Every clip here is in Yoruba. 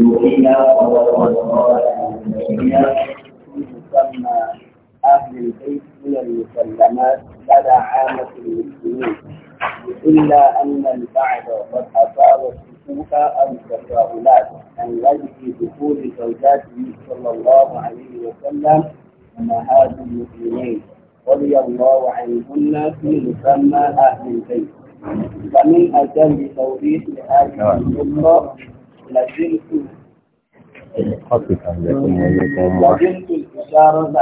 الوحيدة والوحيدة تسمى أهل البيت من المسلمات لدى عامة المسلمين إلا أن البعض قد أثار السكوت أو التساؤلات عن وجه دخول زوجاته صلى الله عليه وسلم أمهات المسلمين رضي الله عنهن في مسمى أهل البيت فمن أجل توضيح هذه الأمة لزمت الإشارة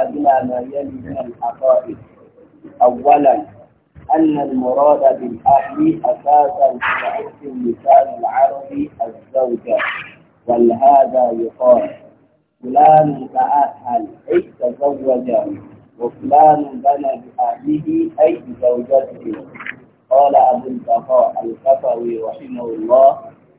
إلى ما يلي من الحقائق أولا أن المراد بالأهل أساسا في عرف اللسان العربي الزوجة ولهذا يقال فلان تأهل أي تزوج وفلان بنى بأهله أي بزوجته قال أبو البقاء الكفوي رحمه الله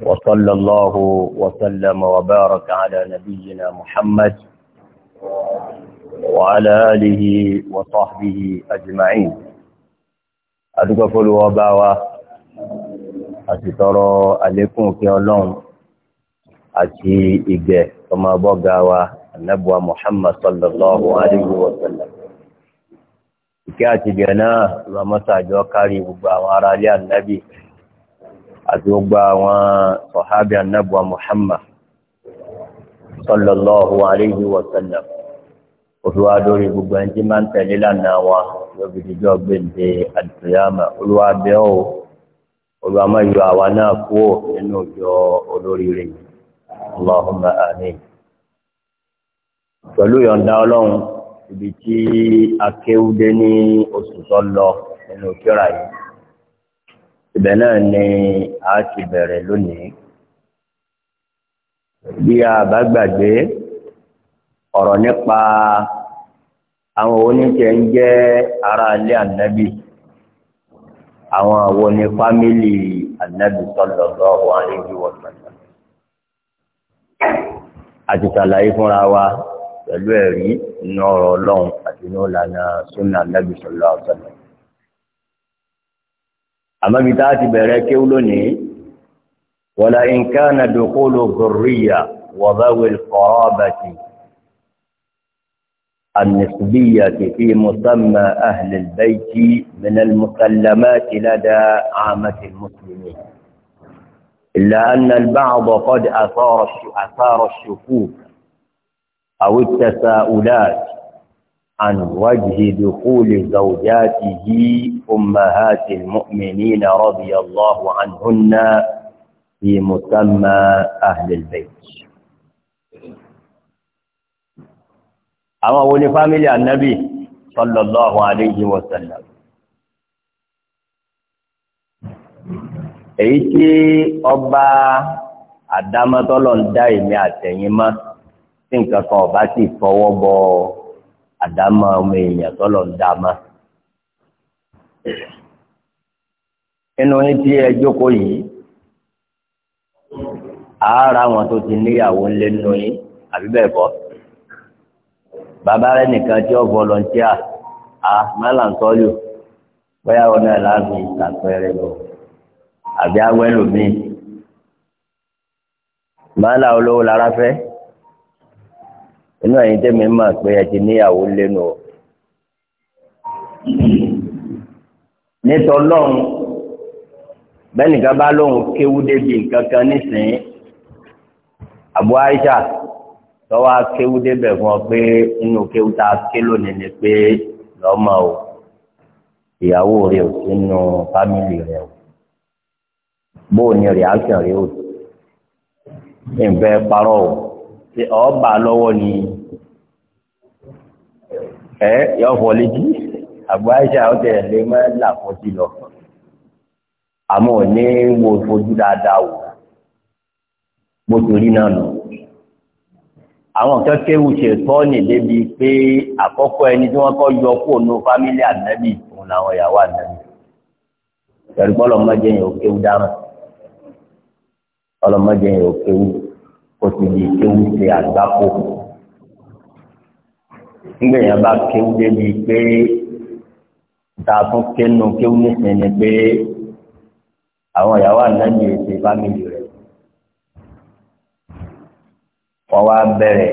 وصلى الله وسلم وبارك على نبينا محمد وعلى آله وصحبه أجمعين أدوك فلو وباوة أتترى عليكم في اللون àti ìgbẹ́ ọmọ abọ́gá wa anábùwà muhammad sallallahu alayhi wa sallam. ìkẹ́ àti ìgbẹ́ náà lọ́mọ́sàájọ́ kárí gbogbo àwọn ará ilé ànábì àti gbogbo àwọn sọ̀hábì anábùwà Muhammad sallallahu alayhi wa sallam òfin gbogbo ẹni tí máa ń tẹ̀lé lánàá wa lóbi gbèǹde yọ àwa náà kúrò nínú ìjọ olóríire yìí allahumma amin. pẹ̀lú yọ̀ǹda ọlọ́run ibi tí akéwúdé ní oṣù tó nínú kíra yìí. ibẹ̀ náà ni a ti bẹ̀rẹ̀ lónìí bí a bá gbàgbé ọ̀rọ̀ nípa àwọn oníṣẹ́ ń jẹ́ ará ilé ànábì àwọn àwọn ní fámìlì ànábì sallallahu alaihi wa sallam àti sàlàyé fúnra wa pẹ̀lú ẹ̀rí inú ọ̀rọ̀ ọlọ́run àti inú ìlànà súnà ànábì sallallahu alaihi wa اما tá a ti bẹ̀rẹ̀ kéwú lónìí wọ́lá ìǹkánà dòkólò gòríyà النسبية في مسمى أهل البيت من المسلمات لدى عامة المسلمين إلا أن البعض قد أثار الشكوك أو التساؤلات عن وجه دخول زوجاته أمهات المؤمنين رضي الله عنهن في مسمى أهل البيت أما ولي فاميلي النبي صلى الله عليه وسلم èyí tí ọba àdámọ́tọ́lọ́ ń dá èmi àtẹ̀yìn mọ́ tí nǹkan kan ọba sì fọwọ́ bọ́ ọ àdámà ọmọ èèyàn tọ́lọ̀ ń dáama. inú yín tí ẹ jókòó yìí àárá wọn tó ti níyàwó ńlẹ nínú yín àbí bẹ́ẹ̀ kọ́ bàbá rẹ nìkan tí ó volunteer a mẹ́là ń tọ́lù bóyá ọ̀nà ẹ̀ láàbì lọ àbí awẹ́lòmíì mẹ́là olówó lára fẹ́ inú ẹ̀yin tẹ́mi máa pé ẹ ti níyàwó lẹ́nu o nítorí lọ́hùn bẹ́ẹ̀ni ká bá lóhùn kéwú débi nǹkan kan nísìnyí àbú Aisha tọ́wọ́ kéwú débẹ̀ fún ọ pé inú kéwú tá a ké lónìí ni pé lọ́mọ o ìyàwó rẹ ò sínú fámìlì rẹ o bóò ni reaction rẹ o ìfẹ́ parọ́ o ṣe ọba lọ́wọ́ ni ẹ yọ fọ létí àbúrò lè má là fọtí lọ àmọ́ ní wo fojú dáadáa wò bó torí náà nù àwọn kẹkẹ wùsẹ tọ́ọ̀nì débi pé àkọ́kọ́ ẹni tí wọ́n kọ́ yọ kó nu fámílì ànábì òun làwọn ìyàwó ànábì tẹ̀rí pọ́ yẹn ò kéwú dáhùn ọlọ́mọdé yẹn ò kéwú ó ti di kéwú ṣe àgbákò nígbà yẹn bá kéwú débi pé ta tún kéwú kéwú nísìnyí ni pé àwọn ìyàwó ànájì èsì fámìlì rẹ̀ wọ́n wá bẹ̀rẹ̀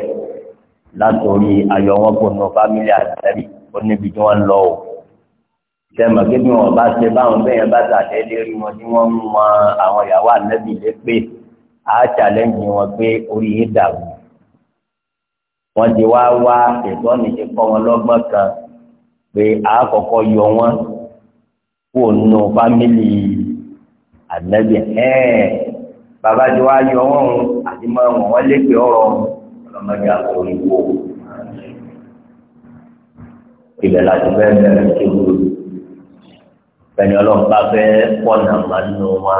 látòrí ayọ̀ wọn kò nù fámìlì àtẹ́bí ó níbi tí wọ́n lọ o sẹ́mọ̀ kébí wọn bá ṣe báwọn bẹ́yẹn bá tàdé lérí wọn tí wọ́n mú àwọn ìyàwó ànábì lé pé á challenge wọn pé orí yìí dàrú wọn ti wá wá ètò ọ̀nìyẹ kọ́ wọn lọ́gbọ́n kan pé a kọ́kọ́ yọ wọn kó nù fámìlì ànábì ẹ̀ẹ́n bàbá tí wàá yọ wọn àti máa wọn wọn lépe ọ̀rọ̀ ọlọ́mọdé àtòrí wò ibẹ̀ la ti fẹ́ bẹ̀rẹ̀ tó wúlò bẹ́ẹ̀ni ọlọ́run bá fẹ́ pọ̀nà mànú wa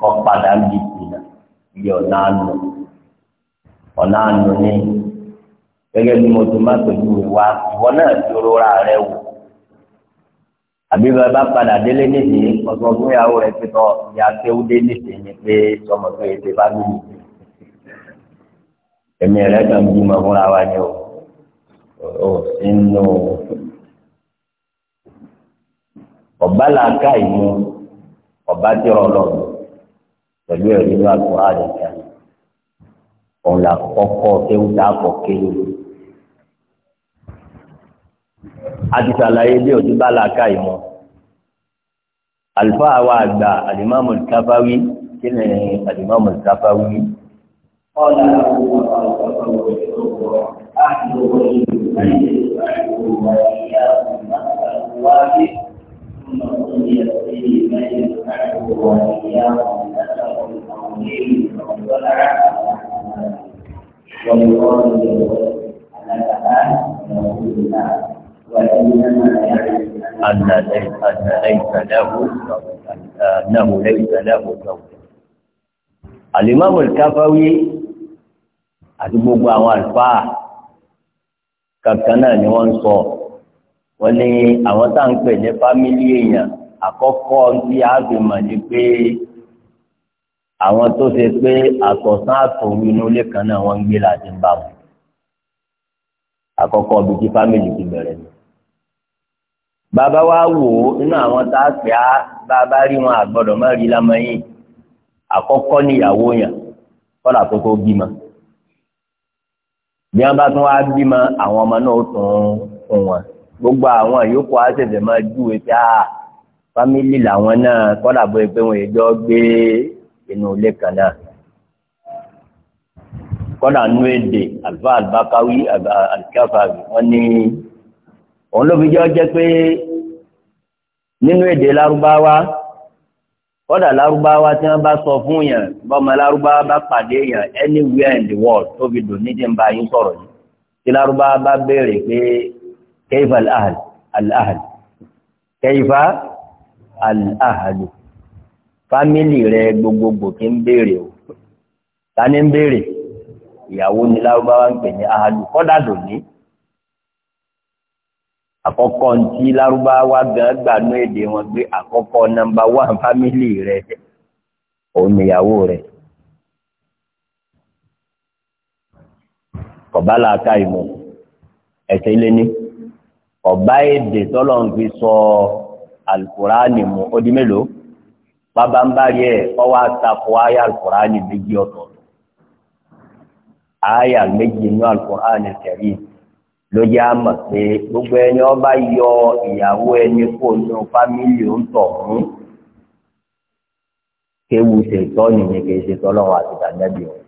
kọ́ padà bìí bí ọ̀nà àánú ọ̀nà àánú ni gẹ́gẹ́ bí mo ti má pẹ̀lú ìwà ìwọ náà ti rora rẹ wò àbí bàbá padà délé nídìí ọ̀sán fún ìyàwó rẹ pé tọ́ ìyá kéwú dé nídìí ni pé sọmọ pé ètè bá mi nìyí èmi rẹ kàn bímọ fúnra wa ni o ò sínú ọ̀bá làákà ìmú ọ̀bá tí ọ̀rọ̀ lọ́dún pẹ̀lú ẹ̀rí ní àgbọ̀ àdìgbà òun là kọ́kọ́ kéwù dáàbọ̀ kéwù. a ti sàlàyé bí òtún bá làákà ìmọ̀ àlùfáà wa àgbà àlìmáàmù káfáwí kí ni àlìmáàmù káfáwí. ọ̀la Thank you. التحويل والصلاة أن ليس أن ليس له أنه ليس له زوج الإمام الكفوي أتبوا عن الفا kankan náà ni wọ́n ń sọ wọ́n ní àwọn tá à ń pè ní fámílì èèyàn àkọ́kọ́ tí a fi mọ̀ ní pé àwọn tó ṣe pé àtọ̀sán àtòru inú ilé kan náà wọ́n ń gbé láti ń bá wọn àkọ́kọ́ ibi tí fámìlì ti bẹ̀rẹ̀ ni. bàbá wa wò ó nínú àwọn tá a pè á bàbá rí wọn àgbọ̀dọ̀ má rí lámọ́yìn àkọ́kọ́ níyàwó yàn kọ́là tó tó bímọ. bí wọ́n bá tún wá bímọ àwọn ọmọ náà tún fún wọn gbogbo àwọn yòókù á ṣẹ̀ṣẹ̀ máa júwe pé a ah, fámìlì làwọn náà kọ́là bóyá pé wọ́n yẹjọ́ gbé inú ilé kan náà kọ́dà nú èdè alfa albakawi alkafawi wọ́n ní òun ló fi jẹ́ ọjẹ́ pé nínú èdè lárúbáwá kọ́dà lárúbáwá tí wọ́n bá sọ fún yàn bọ́mọ lárúbáwá bá pàdé yàn anywhere in the world tó fi dùn nídìí ń bá yín sọ̀rọ̀ yìí tí lárúbáwá bá béèrè pé keifa al-ahl al fámìlì rẹ gbogbogbò kí ń béèrè o ta ni ń béèrè ìyàwó ni lárúbáwá ń pè ní ahalu kọ́dà lòní àkọ́kọ́ ntí lárúbáwá gan gbanú èdè wọn gbé àkọ́kọ́ nọ́mbà wán fámìlì rẹ òun níyàwó rẹ kọ̀bá làákà ìmọ̀ ẹ̀sẹ̀ ilé ní ọ̀bá èdè tọ́lọ̀ ń fi sọ mu ó di mélòó bàbá ń bá rí ẹ̀ ọwọ́ àtakò àyà alukur'ani méjì ọ̀tọ̀ àyà méjì ní alukur'ani kẹrì ló jẹ́ àmọ̀ pé gbogbo ẹni ọba yọ ìyàwó ẹni kó nu fámìlì ń tọ̀ mú kéwu ṣètọ́ nìyẹn kì í ṣètọ́ lọ́wọ́ àti tàbí ọ̀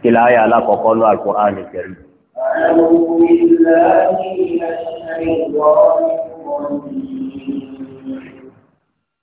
kí láyà alákọ̀ọ́kọ́ ní alukur'ani kẹrì. أعوذ بالله من الشيطان الرجيم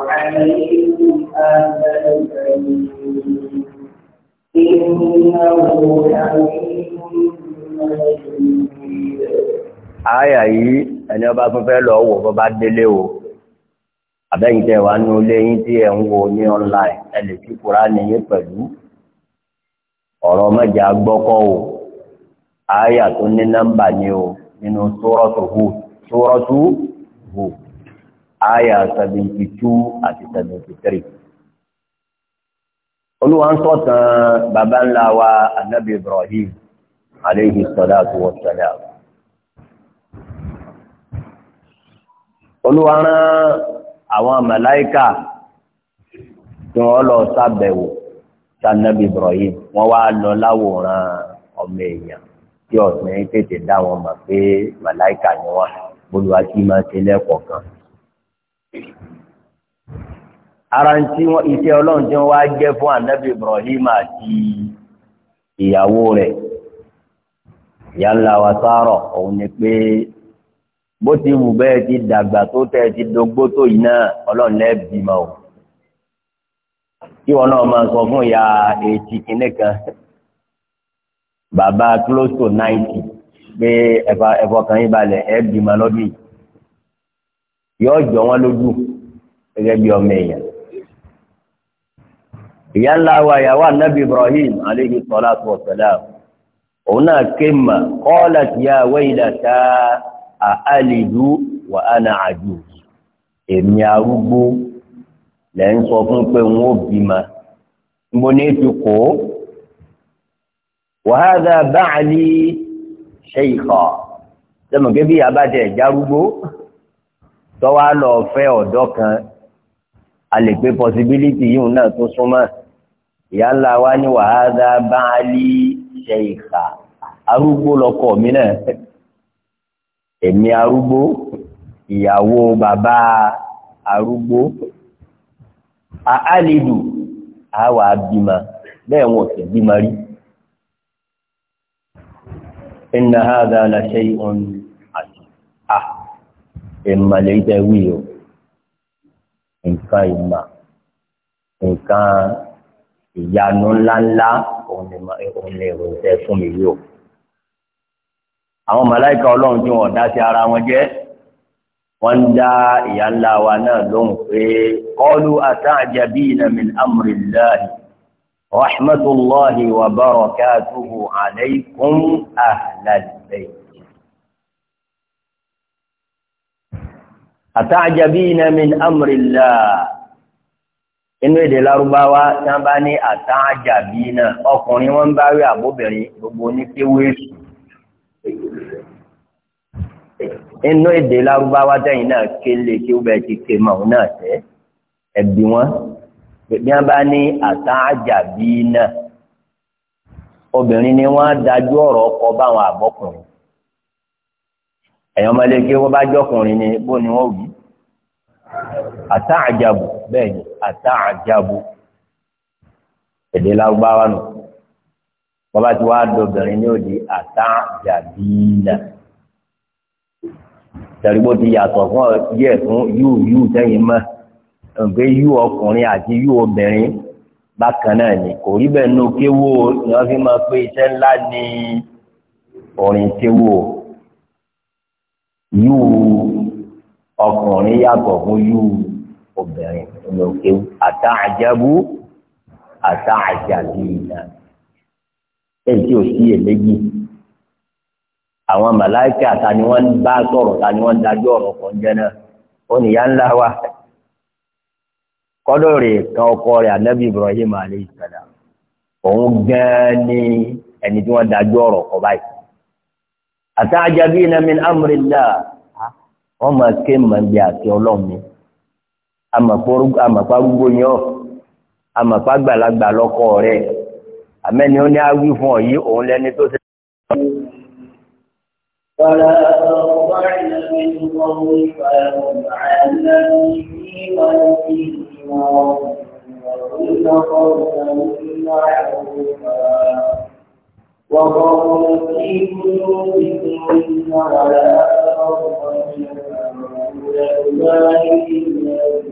عليكم آل الكريم إنه حميد مجيد Àyà yìí ẹni ọba tún fẹ́ lọ wò bọ́bá délé o. Àbẹ́yìntẹ́ wa nú ilé yín tí ẹ̀ ń wo ní online ẹ lè fi Kùránì yín pẹ̀lú. Ọ̀rọ̀ mẹ́jà gbọ́kọ́ o. Àyà tó ní nọ́mbà ni o nínú Sūratu Hūd. Sūratu Hūd àyà seventy two àti seventy three olúwa ń sọ̀tàn baba ńlá wa anabi ibrahim aleyhi salatu wa salam olúwa rán àwọn màláíkà tí wọ́n lọ sábẹ̀wò sanabi ibrahim wọ́n wá lọ láwòrán ọmọ èèyàn tí ọ̀sìn tètè dá wọn mọ̀ pé màláíkà ni wọ́n olùwàsí máa ṣe lẹ́kọ̀ọ́ kan ara ń tí wọn iṣẹ́ Ọlọ́run tí wọn wá jẹ fún anabi ibrahim àti ìyàwó rẹ̀ yálà wa sárọ òun ni pé bó ti wù bẹ́ẹ̀ ti dàgbà tó tẹ̀ ti dogbó tó yìí náà Ọlọ́run lẹ bímọ o kí wọn náà máa sọ fún ìyá ètí kínní kan bàbá close to ninety pé ẹ̀fọ́ ẹ̀fọ́ kan yín balẹ̀ ẹ̀ bímọ lọ́dún yìí yọ jọ wọn lójú gẹ́gẹ́ bí ọmọ èèyàn ìyá ńlá wa ìyàwó anabi ibrahim aleyhi salatu wa salam òun náà ké mà qalat ya waylata àhálìdú wa ana ajuz èmi arúgbó lẹ́ ń sọ fún pé n ó bímọ mo ní ti kó wa hadha ba'li shaykha sẹ́mọ̀gẹ́ bí abájẹ́ ìjárúgbó tọ́wá lọ fẹ́ ọ̀dọ́ kan a lè pe possibility yìí náà tó súnmọ́ ìyá ńlá wa ní wàhálà báálí ṣe ìkà arúgbó lọkọ mi náà èmi arúgbó ìyàwó bàbá arúgbó àálejò àwa bímọ bẹ́ẹ̀ wọn ò sì bímọ rí. inna hadha la shay'un àti à ìmàlẹ́ ìtẹ̀wé o nǹkan ìmà nǹkan ìyanu ńláńlá òun lè rò tẹ fún mi yìí o. àwọn màláìka ọlọ́run tí wọ́n dá sí ara wọn jẹ́ wọ́n dá ìyá ńlá wa náà lóhùn pé qalu ata'jabina min amrillahi rahmatullahi wa barakatuhu alaykum ahlal bayt. ata'jabina min amrillahi. inú èdè lárúbáwá tí bá ní àtàjà bíi náà ọkùnrin wọn bá rí àbóbìnrin gbogbo oníkéwé èsù inú èdè lárúbáwá tẹ̀yìn náà kéle kí wọn bẹ ti ké mọ òun náà tẹ ẹbí wọn bí wọn bá ní náà obìnrin ni wọn dájú ọkọ báwọn àbọkùnrin bá jọkùnrin ni bó ni àtàjábù èdè lárúbáwá nù bàbá tí wàá dọ̀bẹ̀rin ní òdi àtàjàbìnà tẹ̀rígbó ti yàtọ̀ fún yẹ fún yíù yíù sẹ́yìn mọ́ nǹkan yíù ọkùnrin àti yíù obìnrin bákan náà ni kò rí bẹ́ẹ̀ nù kéwò ni wọ́n fi máa pé iṣẹ́ ńlá ni orin kéwò yíù ọkùnrin yàtọ̀ fún yíù obìnrin ní òkè àtà àjàbù àtà àjàbì iná èyí tí ò sí èléyìí àwọn màláìkà ta ni wọ́n bá sọ̀rọ̀ ta ni wọ́n dájọ́ ọ̀rọ̀ kan jẹ́ náà ó nìyá ńlá wa kọ́dọ̀ rè kan ọkọ rẹ̀ anábì Ibrahim alayhi salam òun gan ni ẹni tí wọ́n dájọ́ ọ̀rọ̀ kan báyìí àtà àjàbì iná min amrillah wọ́n máa ké màá àti ọlọ́run ni amọ̀párúgbó yẹn ọ̀ amọ̀págbàlagbà lọ́kọ rẹ̀ àmẹ́ni ó ní awí fún ọ yìí òun lẹni tó ṣe. Fọlá ọ̀pọ̀ ìlànà ìwọ̀n ìfà àlẹ́ ìwà ìdí ìwọ̀n وقالوا في قلوبكم إن ولا أرض ولأولئك الذين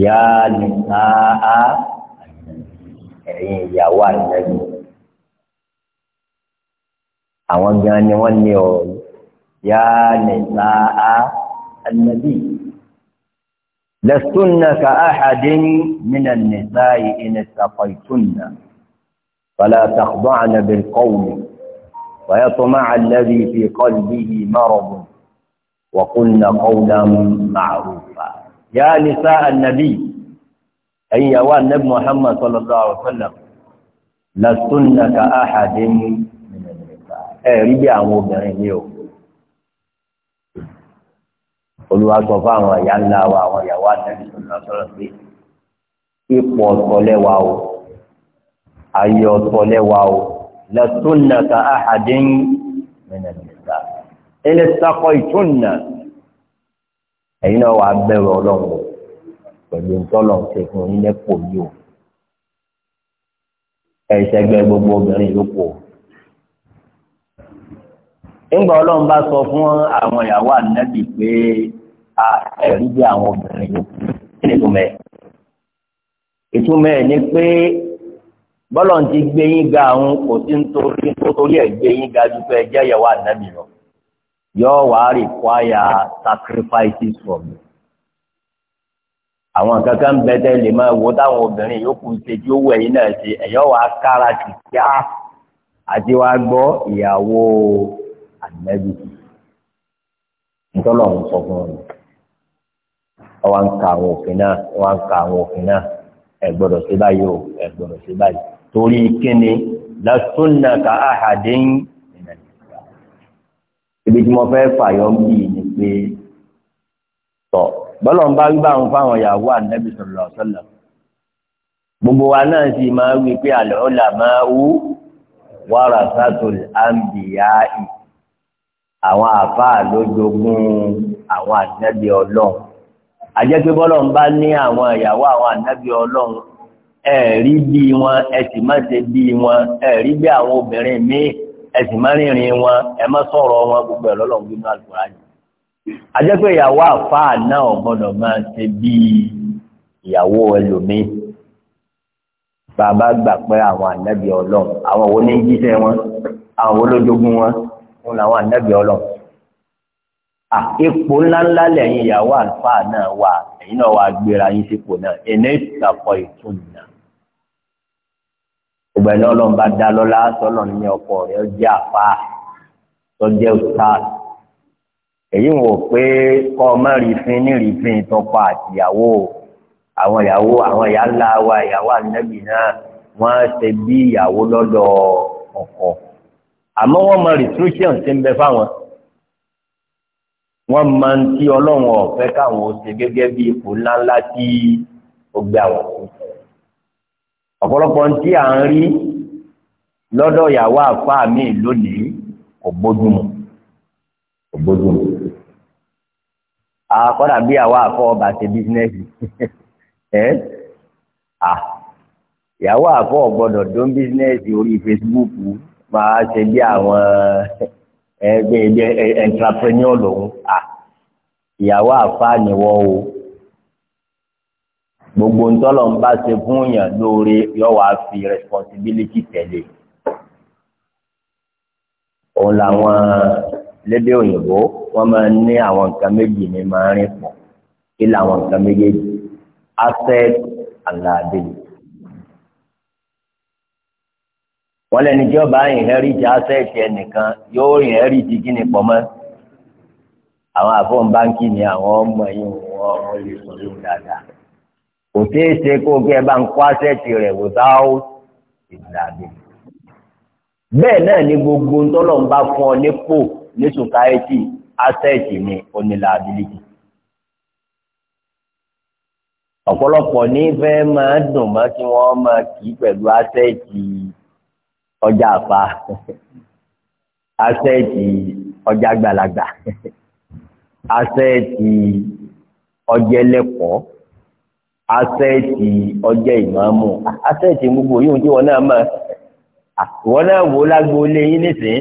يا نساء ẹ̀yin ìyàwó àìlẹ́yìn àwọn gan ni wọ́n ní ọ yá nìsáà ànàbì lẹ́sùnà ka áhàdín mìnà nìsáà ìnà sàfàìtùnà fàlà tàkbọ́n bilqawli ويطمع الذي في قلبه مرض وقلنا قولا معروفا ya nisa annabi ẹ̀yin yàwó annabi muhammad sallallahu alaihi wa sallam lasunna ka ahadin ẹ rí bí àwọn obìnrin ní o olùwà sọ fún àwọn ìyá ńlá wa àwọn ìyàwó annabi sallallahu alaihi wa sallam pé ipò ọ̀tọ̀lẹ́wà o ayé ọ̀tọ̀lẹ́wà o lasunna ka ahadin min an-nisa ilé sakọ ìtúnna. ẹ̀yin náà wàá bẹ̀rù ọlọ́run o pẹ̀lú ntọ́lọ̀ ṣe fún yín lẹ́pọ̀ yìí o ẹ̀ṣẹ̀gbẹ́ gbogbo obìnrin ló pọ̀ ńgbà ọlọ́run bá sọ fún àwọn ìyàwó ànábì pé a ẹ̀rí bí àwọn obìnrin yòókù kí ni ìtumọ̀ ẹ̀ ìtumọ̀ ẹ̀ ni pé bọ́lọ̀ ti gbé yín ga àwọn kò sí nítorí nítorí ẹ̀ gbé ga ju pé ìyàwó ànábì lọ. yóò wá require sacrifices from you. àwọn kankan ń bẹ lè máa wo táwọn obìnrin yòókù ṣe tí ó wù ẹ̀yìn náà ṣe ẹ̀yọ́ wàá kára sí àti wàá gbọ́ ìyàwó ànẹ́bí ntọ́lọ̀ ń sọ fún ọ o ẹ báyìí torí kíni ibi tí mo fẹ́ fàyọ ń bì ní pé tọ̀ bọ́lọ̀ ń bá wí báwọn fáwọn ìyàwó ànábì sallallahu alaihi wasallam gbogbo wa náà sì máa wí pé àlọ́ là máa wú warasatul anbiya'i àwọn àfáà ló jogún àwọn ànábì ọlọ́run àjẹ́ pé bọ́lọ̀ ń bá ní àwọn ìyàwó àwọn ànábì ọlọ́run ẹ̀ẹ́rí bí wọn ẹ̀sìn má ṣe bí wọn ẹ̀ẹ́rí bí àwọn obìnrin míì ẹ̀sìn má rìnrìn wọn ẹ má sọ̀rọ̀ wọn gbogbo ẹ̀ lọ́lọ́run gbínú àlùkòrá yìí ajẹ́pẹ́ ìyàwó àfáà náà gbọ́dọ̀ máa ṣe bíi ìyàwó ẹlòmíì bàbá gbà pé àwọn ànábì ọlọ́run àwọn wo ní jíṣẹ́ wọn àwọn olójogún wọn wọn làwọn ànábì ọlọ́run à ipò ńláńlá lẹ́yìn ìyàwó àfáà náà wà ẹ̀yìn náà wà gbéra yín sípò náà ẹ̀ní ìtàkọ̀ ìtúnà gbogbo ẹni ọlọ́run bá dá lọ́lá sọ́nà ní ọkọ rẹ̀ ó jẹ́ àfa tó jẹ́ ustaz èyí wò pé kọ́ ọ má rìfin ní rìfin tọkọ àtìyàwó àwọn ìyàwó àwọn ìyá ńlá wa ìyàwó ànábì náà wọ́n á ṣe bí ìyàwó lọ́dọ̀ ọkọ àmọ́ wọ́n mọ restriction ti ń bẹ fáwọn wọ́n máa ń tí ọlọ́run ọ̀fẹ́ káwọn ó ṣe gẹ́gẹ́ bí ipò ńláńlá tí ó gbé àwọn kù sí ọ̀pọ̀lọpọ̀ tí à ń rí lọ́dọ̀ ìyàwó àfa mi lónìí kò bójúmu kò bójúmu àkọ́dà bí àwa àfọ ọba ṣe bísínẹ́sì ẹ́ à ìyàwó àfọ gbọ́dọ̀ dún bísínẹ́sì orí fesibúùkù máa ṣe bí àwọn ẹgbẹ́ ẹgbẹ́ ẹntrapreneur lòun à ìyàwó àfa nìwọ o gbogbo ntọ́lọ̀ ń bá ṣe fún yàn lóore yọ wá fi responsibility tẹ̀lé òun làwọn lédè òyìnbó wọn máa ń ní àwọn nǹkan méjì ní máa rìn pọ̀ kí làwọn nǹkan méjèèjì asset and wọn lẹni tí ọba inherit asset ẹnìkan yóò inherit kí ni pọ̀ mọ́ àwọn àfọ̀nbáńkì ni àwọn ọmọ yìí wọn lè sọ lóun dáadáa kò tí ì ṣe kó kí ẹ bá ń kó àṣẹ́tì rẹ̀ without ìdàbí. bẹ́ẹ̀ náà ni gbogbo ńtọ́lọ̀ ń bá fún ọ nípò ní sùkáyẹ́tì àṣẹ́tì ni onílàbílítì. ọ̀pọ̀lọpọ̀ ní fẹ́ máa dùn mọ́ tí wọ́n máa kì í pẹ̀lú àṣẹ́tì ọjà àfa àṣẹ́tì ọjà àgbàlagbà àṣẹ́tì ọjà ẹlẹ́kọ̀ọ́ asẹ́ẹ̀tì ọjẹ́ ìmáàmù asẹ́ẹ̀tì gbogbo yóò tí wọn náà mọ̀ wọn náà wò lágbo lé yín nísìnyí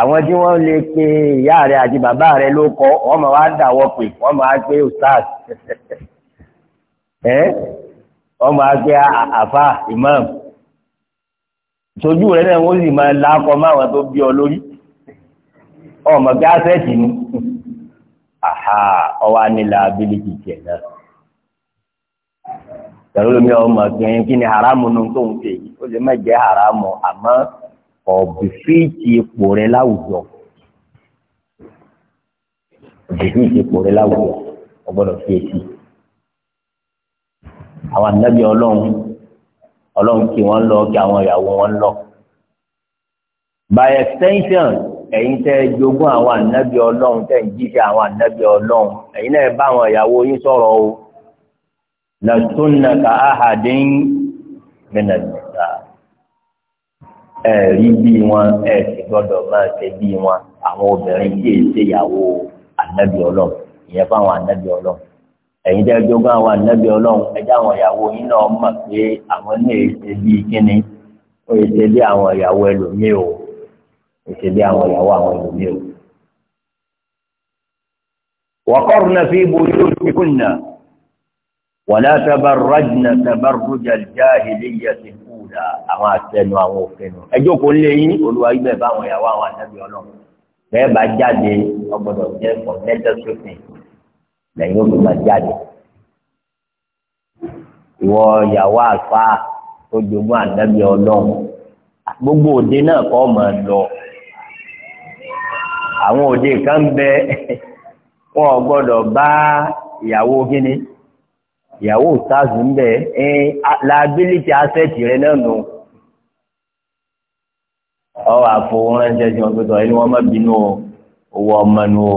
àwọn tí wọ́n lè pe ìyá rẹ àti bàbá rẹ ló kọ́ wọ́n máa wá dàwọ́ pé wọ́n máa pé ustaz ẹ́ wọ́n máa pé àfà imam sojú rẹ náà wọ́n sì máa lákọ máwọn tó bí ọ lórí ọmọ pé asẹ́ẹ̀tì ni ọwọ́ anilà ability tiẹ̀ náà pẹ̀lú mi ọmọ gbìyànjú kí ni haramu nu tó ń fè yìí ó lè má jẹ́ haramu àmọ́ ọ̀bì fíìtì ipò rẹ láwùjọ ọ̀bì fíìtì ipò rẹ láwùjọ ọgbọ́dọ̀ fíìtì àwọn ànábì ọlọ́run ọlọ́run kí wọ́n lọ kí àwọn ìyàwó wọn lọ by extension ẹ̀yin tẹ́ jogún àwọn ànábì ọlọ́run tẹ́ ń jíṣẹ́ àwọn ànábì ọlọ́run ẹ̀yin náà bá àwọn ìyàwó yín sọ̀rọ̀ o lọ́túnnà ka áhàdín mẹ́nàdìsá ẹ̀rí bí wọn ẹ̀sìn gbọ́dọ̀ máa ṣe bí wọn àwọn obìnrin tí èyí ṣe ìyàwó ànábì ọlọ́run ìyẹn fáwọn ànábì ọlọ́run ẹ̀yin tẹ́ jogún àwọn ànábì ọlọ́run ẹjẹ́ àwọn ìyàwó yín náà mọ̀ pé àwọn ní èsè bí kíni ó èsè bí àwọn ìyàwó ẹlòmíì o èsè bí àwọn ìyàwó àwọn ẹlòmíì o. wọ́kọ́rùn-ún náà fi ibo yóò ti kùnà wala tabarrajna tabarruja al-jahiliyyati al-ula àwọn àtẹnu àwọn òfin nù ẹjọ́ kò lè yín olùwà ibẹ̀ báwọn ìyàwó àwọn àtẹ́bí ọlọ́run bẹ́ẹ̀ bá jáde ọgbọ́dọ̀ jẹ́ kọ̀mẹ́tẹ́ sófin lẹ́yìn olùwà jáde ìwọ ìyàwó àfa tó jogún àtẹ́bí ọlọ́run gbogbo òde náà kọ́ máa lọ àwọn òde kan bẹ wọn ò bá ìyàwó gíní ìyàwó òtáàzù ń bẹ̀ ẹ́ liability asset rẹ náà nù ọ àfowó ránṣẹ́ sí wọn pẹ̀tọ́ ẹni wọ́n má bínú owó ọmọ nù o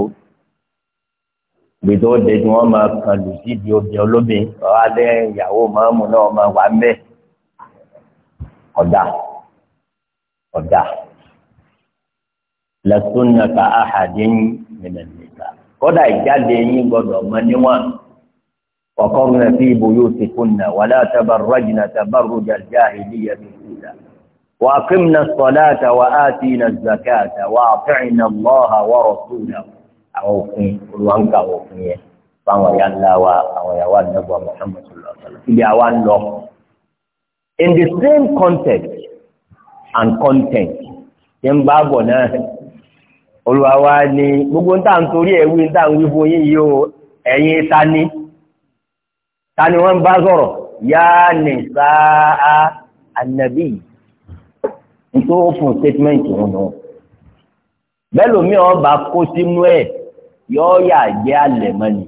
gbèdó òde tí wọ́n máa kàn lù sí di obì olómi ọ̀rọ̀ adé ìyàwó màmú náà máa wà ń bẹ̀ ọ̀dà ọ̀dà lẹ́sùn nàkà àhàdín mìnàmìnà kódà ìjáde yín gbọ́dọ̀ mọ níwọ̀n. وقرن في بيوتكن ولا تبرجن تبرج الجاهلية الأولى وأقمنا الصلاة وآتينا الزكاة وأطعنا الله ورسوله أوفين وأنك أوفين فهو يلا وهو النبوة محمد صلى الله عليه وسلم في أوان له In the same context and content, ṣe bá bọ̀ náà, olùwàwá ni gbogbo ń tà ń torí ẹ̀wí ń tà ń wí fún yín yìí o, ẹ̀yin ta ni ta ni wọ́n bá sọ̀rọ̀ yá ní sáà nítorí ó fún statement wọn nù. bẹ́ẹ̀ lómi ọba kó sínú ẹ̀ yọ yà jẹ́ alẹ̀ mọ́ni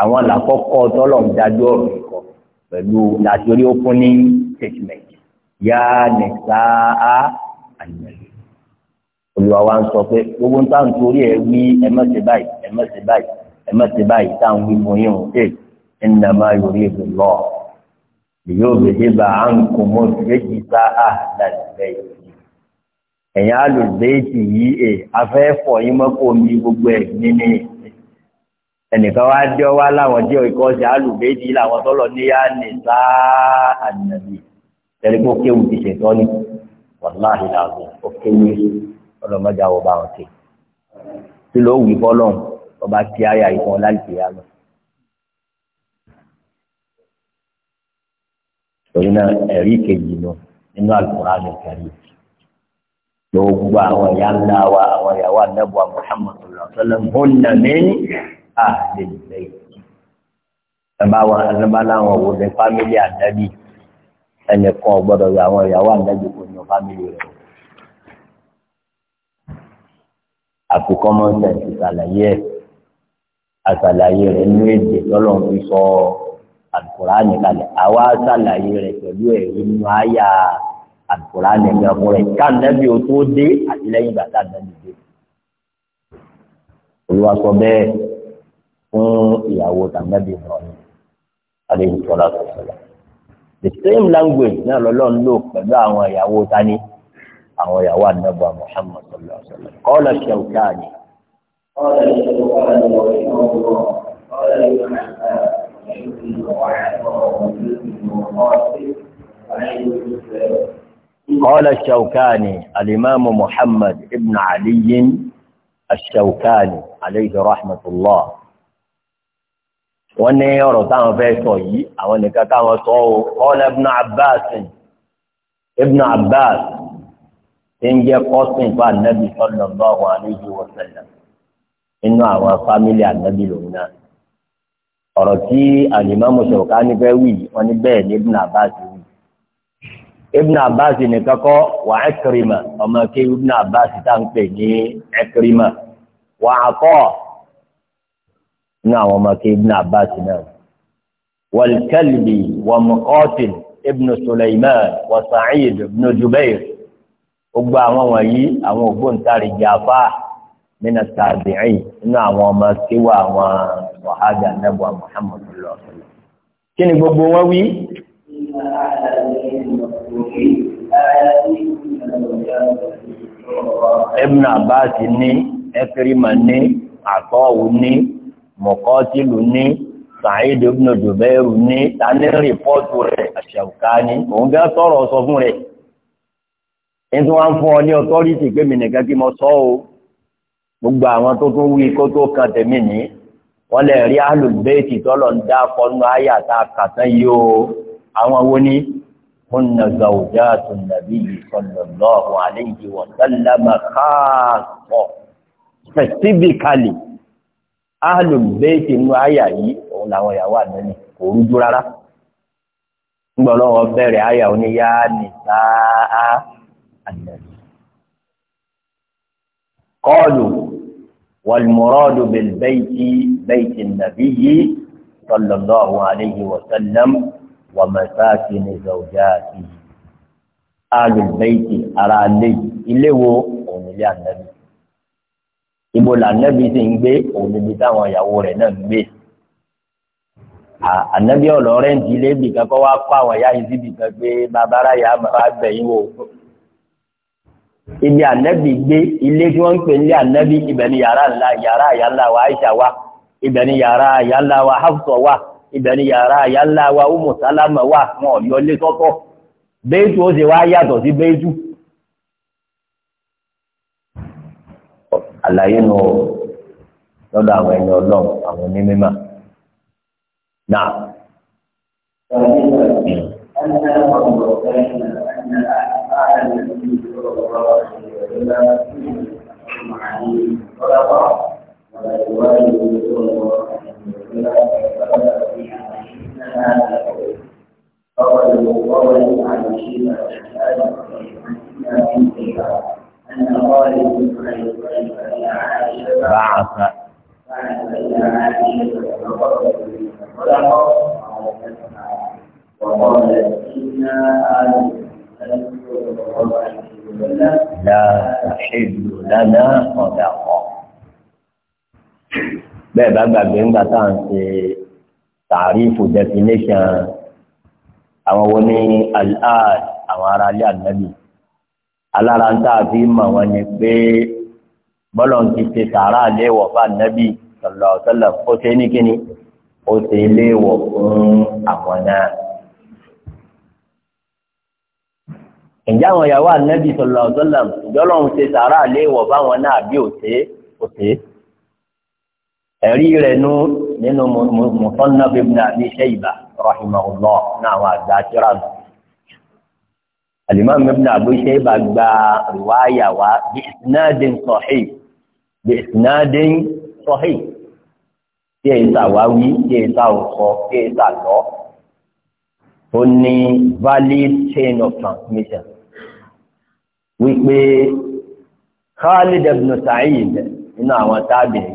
àwọn làkọ́kọ́ tọ́lọ̀ ń dájú ọ̀rọ̀ nìkan pẹ̀lú látòrí ó fún ní statement yá ní sáà ànàbí olùwà wa ń sọ pé gbogbo ń tà ń torí ẹ wí ẹ má ṣe báyìí ẹ má ṣe báyìí ẹ má ṣe báyìí tá à ń wí mọ́ yín o. إنما يريد الله liyudhhiba ankum rijsa ahlal bayt ẹ̀yin alùbẹ́ẹ̀tì yìí ẹ̀ afẹ́fọ̀ yín mọ́kò omi gbogbo ẹ̀ níní ẹnìkan wá dé ọ wá láwọn tí ìkọ́ sí alùbẹ́ẹ̀tì làwọn tọ́lọ níyà ní sáà ànàbì tẹ́lẹ̀ kó kéwù ti ṣètọ́ ni wàláhì làwọn ó kéwù ọlọ́mọdé àwọn bá wọn ké kí ló wù fọ́lọ́n ọba kí ayà ìfọ́n láti yá lọ. torí náà ẹ̀rí kejì lọ nínú Al-Qur'an Al-Karim gbogbo àwọn ìyá ńlá wa àwọn ìyàwó anábọ̀ Muhammad sallallahu alaihi wasallam hunna min ahlil bayt ẹ̀báwọn ẹ̀lẹ́bàláwọn wo ní fámílì ànábì ẹnìkan gbọ́dọ̀ yọ àwọn ìyàwó ànábì kò ní fámílì rẹ̀ àfi common sense ṣàlàyé ẹ̀ àṣàlàyé rẹ̀ nínú èdè tọ́lọ́ fi sọ ọ́ alukurani kalẹ̀ àwa sàlàyé rẹ̀ pẹ̀lú ẹ̀rí nínú àyà alukurani gbàgbọ́ rẹ̀ kànẹ́bí o tó dé àtìlẹ́yìn bàtà nàbí dé Olúwa sọ bẹ́ẹ̀ fún ìyàwó tànàbí Ibrahim aleyhi sọlá sọsọlá the same language náà lọ́lọ́run lò pẹ̀lú àwọn ìyàwó tani àwọn ìyàwó anabu Muhammad sọlá sọlá kọ́lá Shawkani. قال الشيخ قال رحمه الله قال ابن عباس قال الشوكاني الإمام محمد ابن علي الشوكاني عليه رحمة الله wọ́n ní ọ̀rọ̀ táwọn fẹ́ sọ yìí àwọn nìkan táwọn sọ ọ́ qala ibn abbas ibn abbas ti ń jẹ́ kọ́sìn fún anabi sallallahu alayhi wa sallam inú àwọn fámìlì anabi lòun náà ọ̀rọ̀ tí alimami Shawkani fẹ́ wí wọn ni bẹ́ẹ̀ ni Ibn Abbas wí Ibn Abbas nìkan kọ́ wà Ikrima ọmọ kí Ibn Abbas tá ń pè ní Ikrima wà Ata ní àwọn ọmọ kí Ibn Abbas náà wal Kalbi wà Muqatil ibn Sulaiman wà Sa'id ibn Jubair gbogbo àwọn wọ̀nyí àwọn ògbóǹtarìgì àfáà mina taabi'i inú àwọn ọmọ kíwà àwọn wàhálà nàbọ muhammadu lọ sọlọ kí ni gbogbo wọn wí. ibn abbas ní ekrima ní akọwù ní mọkọtìlù ní sa'id ibn dubairu ní tani rìpọ́tù rẹ̀ aṣàwùkání òun gẹ́ tọrọ sọ fún rẹ̀ nítorí wọn fún ọ ní ọtọ́rìtì pé mi nìkan kí mo sọ ọ́ gbogbo àwọn tó tún wí kó tó kan tèmi ní wọ́n lè rí alùbẹ́ẹ̀tì tọ́lọ̀ ń dá kọ́nú àyà tá a kà tán yìí o àwọn wo ni kunna zawjatu nabiyyi sallallahu alayhi wa sallam khassa specifically alùbẹ́ẹ̀tì nú àyà yìí òun làwọn ìyàwó àdánì kò rújú rárá ńgbọ́n lọ́wọ́ bẹ̀rẹ̀ àyà oníyá nìsáà. قالوا والمراد بالبيت بيت النبي صلى الله عليه وسلم ومساكن زوجاته آل البيت أرى لي إليه أولي النبي ibo la anabi ti ń gbé òun níbi táwọn ìyàwó rẹ̀ náà ń gbé anabi ọlọrẹ ń dilé bìkan kọ wá kó àwọn ìyá yìí síbìkan gbé babaláyà bàbá gbẹ̀yìn wò ibi anabi gbé ilé tí wọn ń pè ní ànábì ibẹ̀ ni yàrá ńlá yàrá àyànlá wa Aisha wa ibẹ̀ ni yàrá àyànlá wa Hafsa wa ibẹ̀ ni yàrá àyànlá wa Umu Salama wa wọn ọ̀yọ́ ilé tọ́tọ́ béètù ó sì wá yàtọ̀ sí béètù. àlàyé nu lọ́dọ̀ àwọn ẹni ọlọ́run àwọn náà. على النبي صلى الله عليه وسلم معاني صدقه ولا يوالي صلى الله عليه وسلم فبدا في عملهن هذا القول قول قول عن شيبه الحسان من شيبه ان خالد بن عبد الى عائشه بعث بعث الى عائشه فقالت صدقه وقالت انا آل لا تحل لنا صدقة bẹ́ẹ̀ bá gbàgbé ńgbà tá à ń ṣe tààrífù definition àwọn wo ní al-aad àwọn ará ilé ànábì alára ń tà fi mọ̀ wọn ni pé bọ́lọ̀ ń ti ṣe tààrà léèwọ̀ fún ànábì sallallahu alaihi ó ṣe é ní kíni ó ṣe é léèwọ̀ fún àwọn náà. ǹjẹ́ àwọn ìyàwó ànábì sallallahu alaihi wasallam ǹjọ́ lọ́hùn ṣe sàárà léèwọ̀ fáwọn náà bí òṣè òṣè ẹ̀rí rẹ̀ nú nínú Musannaf ibn Abi Shaybah rahimahullah náà àwọn àgbà tíra nù. Al-Imam ibn Abi Shaybah gba rìwáyà wá bi isnadin sahih bi isnadin sahih kí èyí sàwáwí kí èyí sàwòsọ kí èyí sàlọ́ ó ní valid chain of transmission wípé Khalid ibn Sa'id nínú àwọn tábìlì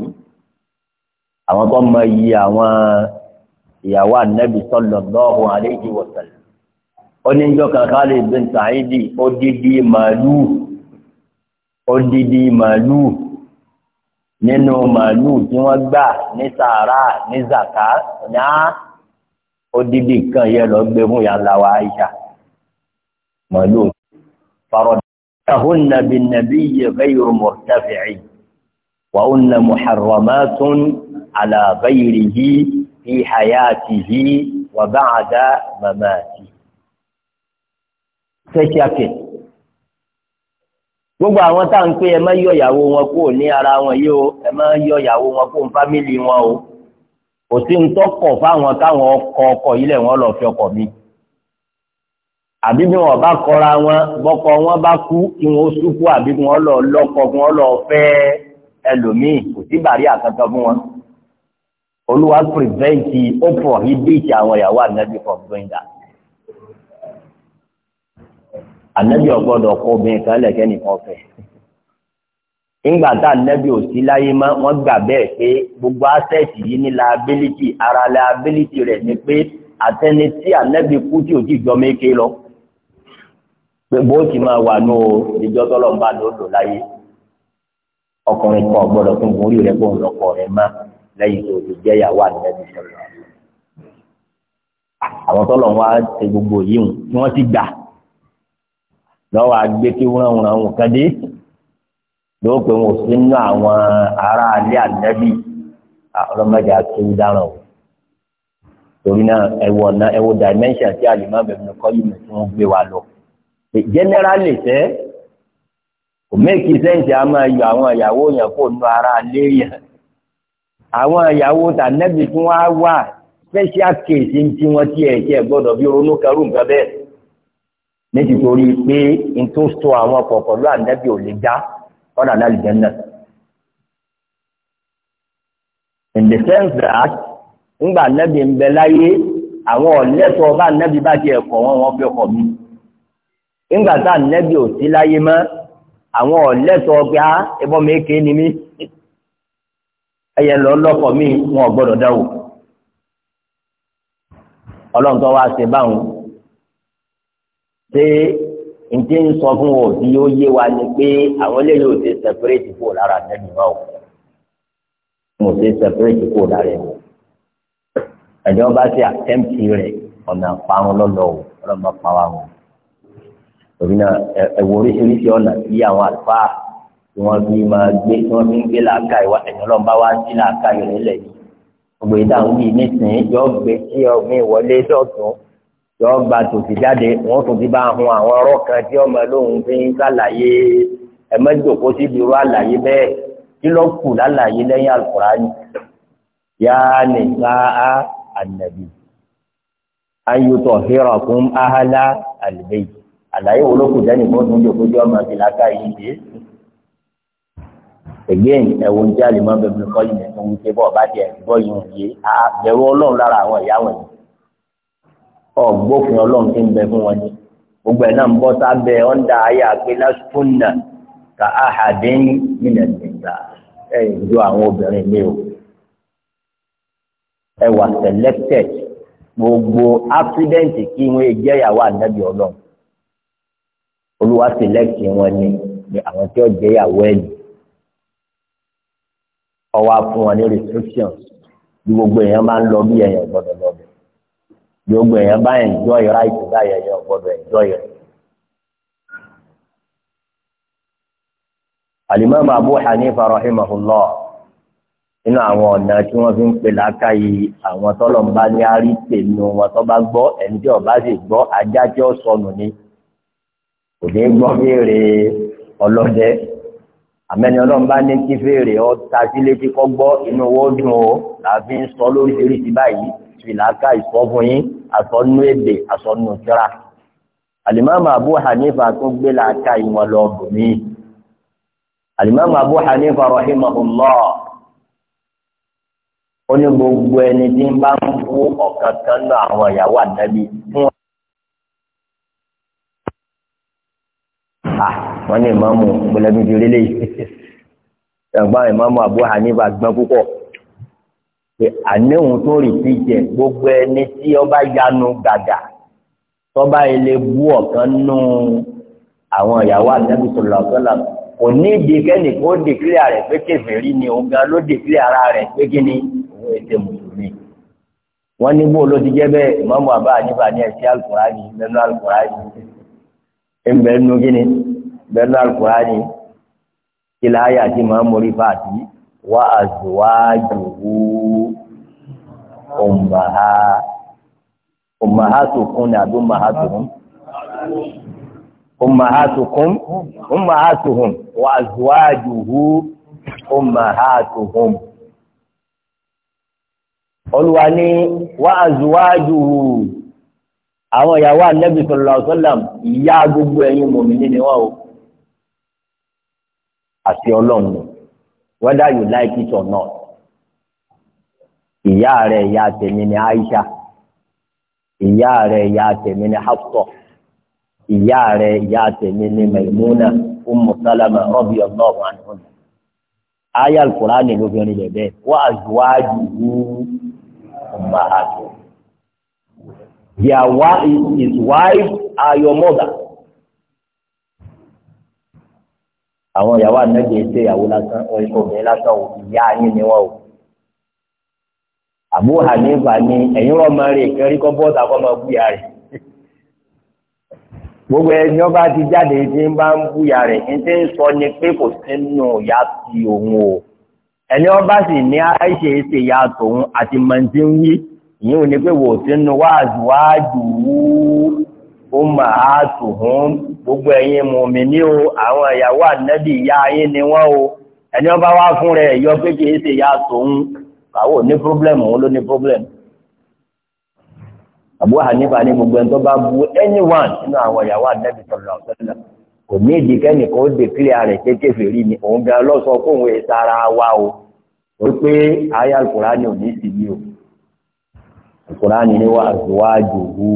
àwọn kan máa yí àwọn ìyàwó ànábì sallallahu alayhi wa sallam oníjọ kan Khalid ibn Sa'id odidi màálù odidi màálù nínú màálù tí wọ́n gbà ní sàárà ní zaka ní á odidi kan yẹ lọ gbé fún yàrá wa Aisha màálù farọ. فهن بالنبي غير مرتفع وأن محرمات على غيره في حياته وبعد مماته سيشاكي gbogbo àwọn tá à ń pé ẹ má yọ ìyàwó wọn kó ní ara wọn yìí o ẹ má yọ ìyàwó wọn kó fámìlì wọn o kò sí ń tọkọ fáwọn káwọn ọkọ ọkọ yìí lẹ wọn lọ fi ọkọ mi àbí bí wọn bá kọra wọn bọ́kọ wọn bá kú kí wọn ó súnkú àbí kí wọn lọ lọ́kọ kí wọn lọ fẹ́ ẹlòmíì kò sí bàrí àkàtọ́ fún wọn olúwa prevent ó prohibit àwọn ìyàwó anabi from doing that anabi ọgbọdọ kọ obìnrin kan lẹkẹ nìkan fẹ́ nígbà tá anabi ò sí láyé mọ́ wọ́n gbà bẹ́ẹ̀ pé gbogbo asset yìí ní liability ara liability rẹ̀ ni pé àtẹni tí anabi kú tí ò ti jọ méke lọ pé bó ti máa wà nù o ìjọ tọ́lọ̀ ń bá lò lò láyé ọkùnrin kan gbọ́dọ̀ fún orí rẹ̀ bóun lọ́kọ rẹ̀ má lẹ́yìn tó ti jẹ́ ìyàwó àdínẹ́bí sọ̀rọ̀ àwọn tọ́lọ̀ wa ṣe gbogbo yìí hùn tí wọ́n ti gbà lọ́wọ́ agbé kí wúránwúrán hùn kan dé lọ́wọ́ pé wọn ò sí nínú àwọn ará alẹ́ àdínẹ́bí ọlọ́mọdé akéwú dáràn o torí náà ẹ̀wọ̀n náà ẹ̀wọ̀ dimension tí àlùmọ́ generally tẹ́ kò méèkì sẹ́ǹtì a máa yọ àwọn ìyàwó yẹn kó nu ara lé yẹn àwọn ìyàwó tànẹ́bì tí wọ́n á wà special case ń tí wọ́n tiẹ̀ tiẹ̀ gbọ́dọ̀ bí ronú kẹrù nǹkan bẹ́ẹ̀ nítorí pé n tó so àwọn kọ̀ọ̀kan ló ànẹ́bì ò lè já ọ̀nà àlàlìjẹ́ náà in the sense that ńgbà ànẹ́bì ń bẹ láyé àwọn ọ̀lẹ́tọ̀ ọba ànẹ́bì bá tiẹ̀ kọ̀ wọ́n wọ́n fi ọkọ̀ mi nígbà tá ànẹ́bí ò sí láyé mọ́ àwọn ọ̀lẹ́tọ̀ ọgbẹ́ á ẹbọ mẹ́kẹ́ ni mí ẹyẹ lọ lọ́kọ̀ mi wọn ò gbọ́dọ̀ dáwò ọlọ́run tó wá ṣe báwọn ṣé ntí ń sọ fún wọn yóò yé wa ni pé àwọn eléyìí ò ṣe sẹpẹrẹtì kúrò lára ànẹ́bí náà o wọn ò ṣe sẹpẹrẹtì kúrò lára ẹ̀ ẹ̀jọ̀ bá ṣe àtẹ́ǹtì rẹ̀ ọ̀nà àpá lọ́lọ́ o ọlọ́run bá pa wa wọn torí náà ẹwọ oríṣiríṣi ọ̀nà tí àwọn àlùfáà tí wọ́n fi máa gbé tí wọ́n fi ń gbé làákà ìwà ẹ̀yọ́lọ́mbá wá sí làákà ìrẹ̀lẹ̀ yìí gbogbo ìdá àwọn yìí nísìnyí yọ gbé tí ọmọ ìwọlé dọ̀tún yọ gba tòsí jáde wọn tún ti bá hun àwọn ọ̀rọ̀ kan tí ọmọ lóhùn fi ń sàlàyé ẹmẹjòkó síbi irú àlàyé bẹ́ẹ̀ kí ló kù lálàyé lẹ́yìn àlùkùránì yá nìka á ànàbì ayùtọ̀ hírọ̀ fún ahálà àlùbẹ́yì àlàyé wo ló kù dání kó tún jòkó jọ ọmọ àti làákà yìí dé. again ẹ̀wọ̀n jẹ́ àlè máa bẹ̀rẹ̀ kọ́ yìí nìkan wípé bọ́ọ̀ bá tiẹ̀ gbọ́ yìí yé àbẹ̀rù ọlọ́run lára àwọn ìyá wọn yìí ọgbófin ọlọ́run ti ń bẹ fún wọn ni gbogbo ẹ̀ náà ń bọ́ sábẹ́ ọ̀ndà ayé àpé lásùnà ká àhàdín nínú ẹ̀dínlá ẹ̀ ju àwọn obìnrin mi o ẹ wà selected gbogbo accident kí wọn jẹ́ ìyàwó ànábì ọlọ́run olúwa sẹlẹ̀kì wọn ni ni àwọn tí ó jẹ́ ìyàwó ẹ̀ ọwọ́ fún wọn ní restrictions bí gbogbo èèyàn máa ń lọ bí èèyàn gbọ́dọ̀ lọ bẹ̀ bí gbogbo èèyàn bá enjoy right báyìí èèyàn gbọ́dọ̀ enjoy rẹ̀. alimami abu hanifa rahimahullah inú àwọn ọ̀nà tí wọ́n fi ń pè láka yìí àwọn tọ́lọ̀ ń bá ní àrí tèmi wọn tó bá gbọ́ ẹni tí ó bá sì gbọ́ ajá tí ó sọnù ni kò ní gbọ́ béèrè ọlọ́dẹ àmẹ́ni ọlọ́run bá ní kí fèrè ọta sílé tí kọ́ gbọ́ inú owó dùn ó làbí ń sọ lóríṣiríṣi báyìí fìlàkà ìsọfún yín àsọnù èdè àsọnù kíra alimami abu hanifa tún gbé làákà ìwọn lọ bùnmí alimami abu hanifa rahimahullah ó ní gbogbo ẹni tí ń bá ń fún ọ̀kan kan àwọn ìyàwó ànábì fún à ah, wọ́n ní ìmáàmù gbọ́lẹ́bí ti rí léyìí ẹ̀gbọ́n ìmáàmù Abu Hanifa gbọ́n púpọ̀ pé àníhùn tó rì sí jẹ gbogbo ẹni tí ọba yanu gàgà tọ́ba ilé bú ọ̀kan nù àwọn ìyàwó àtẹ́bí sọ̀rọ̀ sọ́là kò ní ìdí kẹ́ni kó dèkílẹ̀ rẹ̀ pé kèfèrí ni òun gan ló dèkílẹ̀ ara rẹ̀ pé kí ni òun ètè mùsùlùmí wọ́n ní bó ló ti jẹ́ bẹ́ẹ̀ ìmáàmù Abu Hanifa ní ẹ̀sìn Al-Qur'ani mẹ́nu Al-Qur'ani ń bẹ́ẹ̀ nù kí ni bẹ́ẹ̀ni alukurani kìlá ayé àti mọ̀mọ́rí fàtí wà azwajuhu ọ̀mọ̀há ọ̀mọ̀há tó kún ní àbí ọ̀mọ̀há tó hùn ọ̀mọ̀há tó kún ọ̀mọ̀há tó hùn wà azwajuhu ọ̀mọ̀há tó hùn. olùwà ni wà azwajuhu àwọn ìyàwó anabi sallallahu alaihi ìyá gbogbo ẹ̀yin mọ̀mí nínú wa o àti ọlọ́run nù whether you like it or not ìyá rẹ̀ ìyá tèmi ni Aisha ìyá rẹ̀ ìyá tèmi ni Hafsa ìyá rẹ̀ ìyá tèmi ni Maimuna Ummu Salama radiyallahu anha aya alukurani lóbìnrin lè bẹ́ẹ̀ wa azwajuhu ummahatuhu their wife his wife are your mother. àwọn ìyàwó ànágbé ṣe ìyàwó lásán wọn ṣe obìnrin lásán o ìyá yín ni wọn o. Abu Hanifa ni ẹ̀yin rọ̀ máa rí ìkẹ́rí kọ́ bọ́ọ̀tà kọ́ máa búya rẹ̀. gbogbo ẹni ọba ti jáde tí ń bá ń búya rẹ̀ ní ti ń sọ ni pé kò sínú ìyá ti òun o. ẹni ọba sì ní àìṣe ṣe ìyá tòun àti mọ̀ntínwí ìyẹn ò ní pé wò sínú wáàzù ummahatuhum gbogbo ẹ̀yin mùmíní o àwọn ìyàwó ànábì ìyá yín ni wọ́n o ẹni ọba wá fún rẹ̀ yọ pé kì í ṣe ìyá tòun àwọn ní problem òun ló ní problem. Abu Hanifa ní gbogbo ẹni tó bá bu anyone nínú àwọn ìyàwó ànábì sallallahu alaihi wasallam kò ní ìdíkẹ́ni kò dèkílẹ̀ rẹ̀ kékeré rí ni òun gan lọ́sọ kóhun ìsara o ó pé ayé alukurani ò ní sí o alukurani ni wà zuwajuhu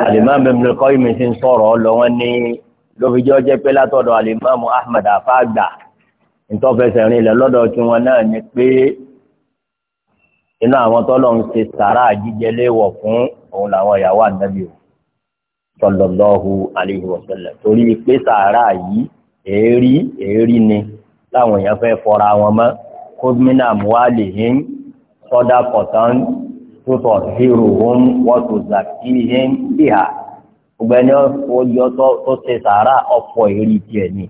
alimami Ibn Qayyim ti ń sọ̀rọ̀ lọ wọ́n ní lófijọ́ jẹ́ pé látọ̀dọ̀ alimami Ahmad afagba ntọ́fẹsẹ̀ rìn lẹ lọ́dọ̀ tí wọn náà ní pé inú àwọn tọ́lọ̀ ń ṣe sàrà jíjẹ léwọ̀ fún òun làwọn ìyàwó ànábì o sallallahu alaihi wasallam torí pé sàrà yìí èérí èérí ni láwọn èèyàn fẹ́ fọra wọn mọ́ kó mínà muwálihim sọ́dà kọ̀tán tutahhiruhum wa tuzakkihim biha gbogbo ẹni ọjọ́ tó ṣe sàárà ọ̀pọ̀ èrè tiẹ̀ ni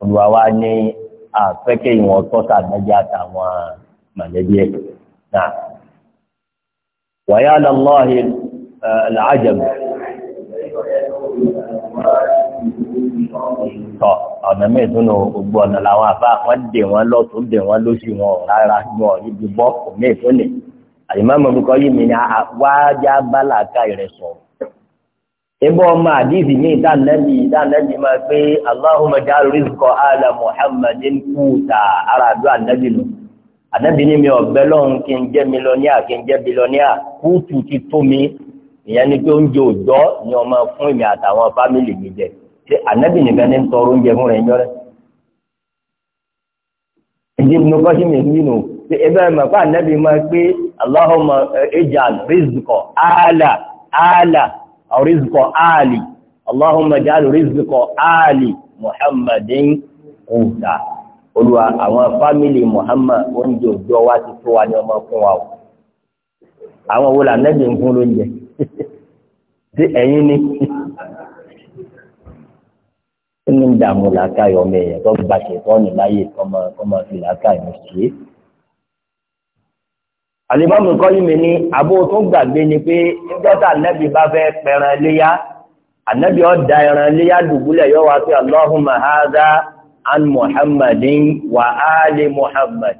olùwà ní àfẹ́kẹ́ ìwọ̀n tọ́ta mẹ́jẹ àtàwọn mọ̀lẹ́bí ẹ̀ náà. wa ya lillahi tọ ọ̀nà ọ̀nà làwọn afá wọn dè wọn dè wọn lóṣù wọn rárá wọn àyìnbámu olùkọ́ yìí mi ni ah, wájà bálàkà rẹ̀ sọ̀rọ̀. ibò ọmọ àdìsí ní ìdánilẹ́bí ìdánilẹ́bí máa pé aláhùnmá já rìsíkọ̀ àlà muhammadin kúta ara àdó ànábì nù. ànábì ni mi ọ̀bẹ lọ́hùn kí n jẹ́ mílíọ̀nìà kí n jẹ́ bílíọ̀nìà kúùtù ti tó mi ìyẹn ni pé oúnjẹ òòjọ́ ni ọmọ fún èmi àtàwọn fámìlì mi jẹ ṣe ànábì nìkan ní ń tọrọ oúnjẹ fún rẹ̀ ń yọrẹ́. ìdí ibùdókọ́sí mi ń bínú ẹgbẹ́ mẹ́fà nẹ́bí máa pé Allahumma ij'al rizqa ààlà ààlà rizqa ààlì Allahumma ij'al rizqa ààlì Muhammadin kùtà olùwà àwọn fámìlì Muhammad oúnjẹ òjò wa ti tó wa ni ọmọ fún wa o àwọn wo là ń fún lóúnjẹ sí ẹ̀yìn ni inú ń làákàyọ̀ ọmọ tó gba ṣètọ́ ní láyé kọ́mọ fi làákàyọ̀ àlìbọ́mù kọ́ yìí mi ní abó tó gbàgbé ni pé níjọ́tà ànábì bá fẹ́ pẹran léyà ànábì ọ̀dà ẹran léyà dùbúlẹ̀ yọ wá pé Allahumma hadha an Muhammadin wa ali Muhammad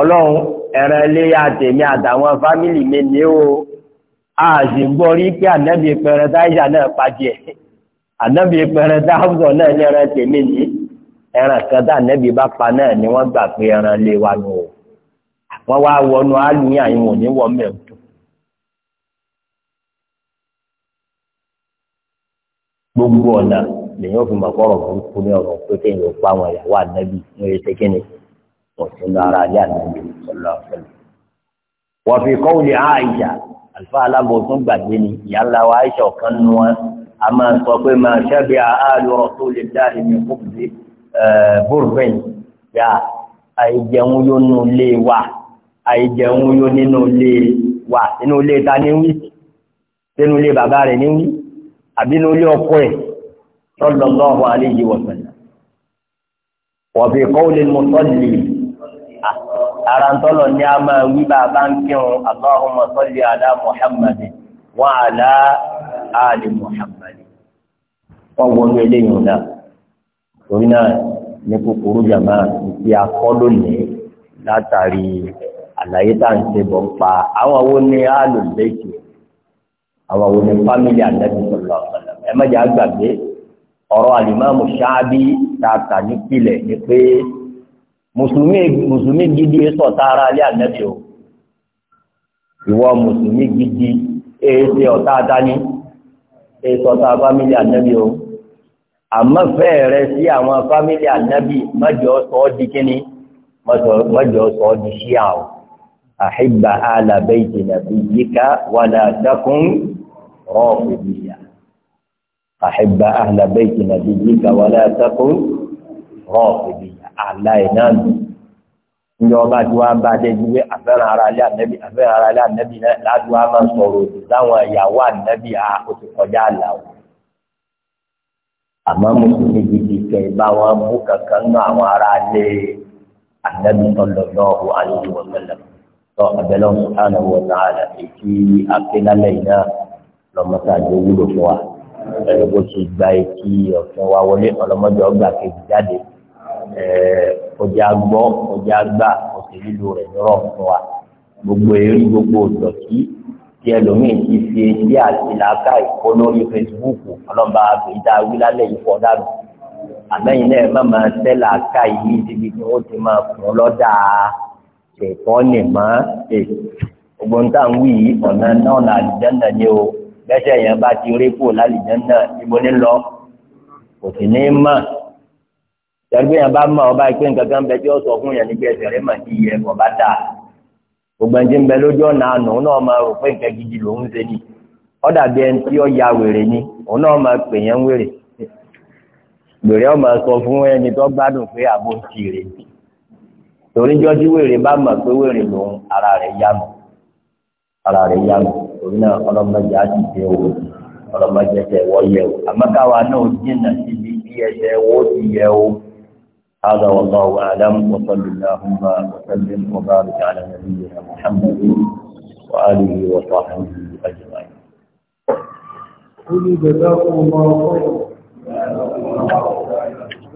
ọlọ́run ẹran léyà tèmi àtàwọn fámìlì mi ní o àṣì gbọ́ rí pé ànábì pẹran táyà náà pàjẹ́ ànábì pẹran táwọn náà ní ẹran tèmi ní ẹran kan tá ànábì bá pa náà ni wọ́n gbà pé ẹran lé nù o wọ́n wá wọnú àlùyìn àyìnwó ní wọ́n mẹ́wùtò. gbogbo ọ̀nà lèyìn òfin màkọ́rọ̀ burúkú ní ọ̀rọ̀ pé kéèyàn ó pa àwọn ìyàwó ànábì ní orí ṣẹ́kẹ́ni ọ̀sìn lára alẹ́ ànábì sọ̀lá ọ̀sẹ̀lẹ̀. wọ́n fi kọ́wùlì àìsà àlùfáà alábọ̀ tún gbàgbé ni ìyá ńlá wa àìsà ọ̀kan nu wọn a máa sọ pé máa ṣẹ́bi àálù Rasulillahi min kúbùdé bùrùbẹ́yìn yá àìjẹun yóò nù lé wa àìjẹun yó nínú ilé wa nínú ilé ta ní wí nínú ilé bàbá rẹ̀ ní wí àbí nínú ilé ọkọ ẹ̀ sallallahu alayhi wa sallam wa fi qawli al-musalli ara ntọ́lọ̀ ní a máa wí bàbá ń kírun Allahumma salli ala Muhammad wa ala ali Muhammad wọ́n wọnú eléyìí náà torí náà ní kúkúrú jàmáà ti akọ́ lónìí látàrí àlàyé tá à ń ṣe bọ̀ ń pa àwọn wo ni alùbẹ́ẹ̀kì àwọn wo ni fámìlì ànábì sallallahu alaihi wasallam ẹ mẹ́jọ àgbàgbé ọ̀rọ̀ àlìmáàmù ṣáábì tààtà nípìlẹ̀ ni pé mùsùlùmí mùsùlùmí gidi sọ̀tà ara alẹ́ ànábì o ìwọ mùsùlùmí gidi èsì ọ̀tá dání èsì ọ̀tá fámìlì ànábì o àmọ́ fẹ́ẹ̀ rẹ sí àwọn fámìlì ànábì mẹ́jọ sọ ọ́ di kíní mẹ́jọ sọ ọ́ di ṣíà o àhìbà alábẹ́ẹ̀dì nàbí yíká wàlá dákún rọ́ọ̀fìdíyà àhìbà alábẹ́ẹ̀dì nàbí yíká wàlá dákún rọ́ọ̀fìdíyà àláì náà nù ǹjẹ́ ọba tí wàá bá dé wíwé àfẹ́ràn ara alẹ́ ànẹ́bí àfẹ́ràn ara alẹ́ ànẹ́bí náà láti wàá máa sọ̀rọ̀ òdì láwọn ìyàwó ànẹ́bí à ó ti kọjá àlà o. àmọ́ mùsùlùmí gidi kẹ́ ẹ bá wọn mú kankan náà àwọn ará alẹ́ ànẹ́bí sallallahu alaihi tọ́ abẹ́lẹ́ subhanahu wa ta'ala èyí akénálẹ̀ yìí náà lọ́mọ́tàdé wúlò fún wa ẹ̀rọ bó ti gba etí ọ̀fẹ́ wa wọlé ọlọ́mọdé ọgbà kejì jáde ọjà gbọ́ ọjà gbà ọ̀sẹ̀ lílo rẹ̀ lọ́rọ̀ fún wa gbogbo eré gbogbo ìdọ̀tí tí ẹlòmíì ti fi etí àti làákà ìkó lórí Facebook ọlọ́ba àgbèjà wílálẹ̀ ìfọ̀ dànù àmẹ́yìn náà má máa tẹ́ làákà yìí síbi tí wọ́n ètò ọ̀nì mọ́ ẹ̀ ogun tá à ń wí yìí ọ̀nà náà là àlìjánà ni o bẹ́sẹ̀ yẹn bá ti rí kó lálìjánà ibo ní lọ kò sì ní mọ̀ tẹ̀lé yẹn bá mọ̀ ọba ìpín nǹkan kan bẹ tí ó sọ fún yẹn níbi ẹsẹ̀ rẹ̀ mà ti yẹ kọ̀ bá dà gbogbo ẹni tí ń bẹ lójú ọ̀nà àná òun náà máa rò pé nǹkan gidi lòún ṣe ni ó dàbí ẹni tí ó ya wèrè ni òun náà máa pè yẹn wèrè wèrè ó máa sọ fún ẹni tó gbádùn pé àbò ń ti rè toríjọ́ tí wèrè bá mọ̀ pé wèrè lòun ara rẹ̀ yánu ara rẹ̀ yánu torí náà ọlọ́mọdé á ti dé o ọlọ́mọdé tẹ wọ́ yẹ o àmọ́káwa náà jìnnà síbi bí ẹsẹ̀ wo ti yẹ o. هذا والله أعلم وصل اللهم وسلم وبارك على نبينا محمد وآله وصحبه أجمعين. قل جزاكم الله خيرا.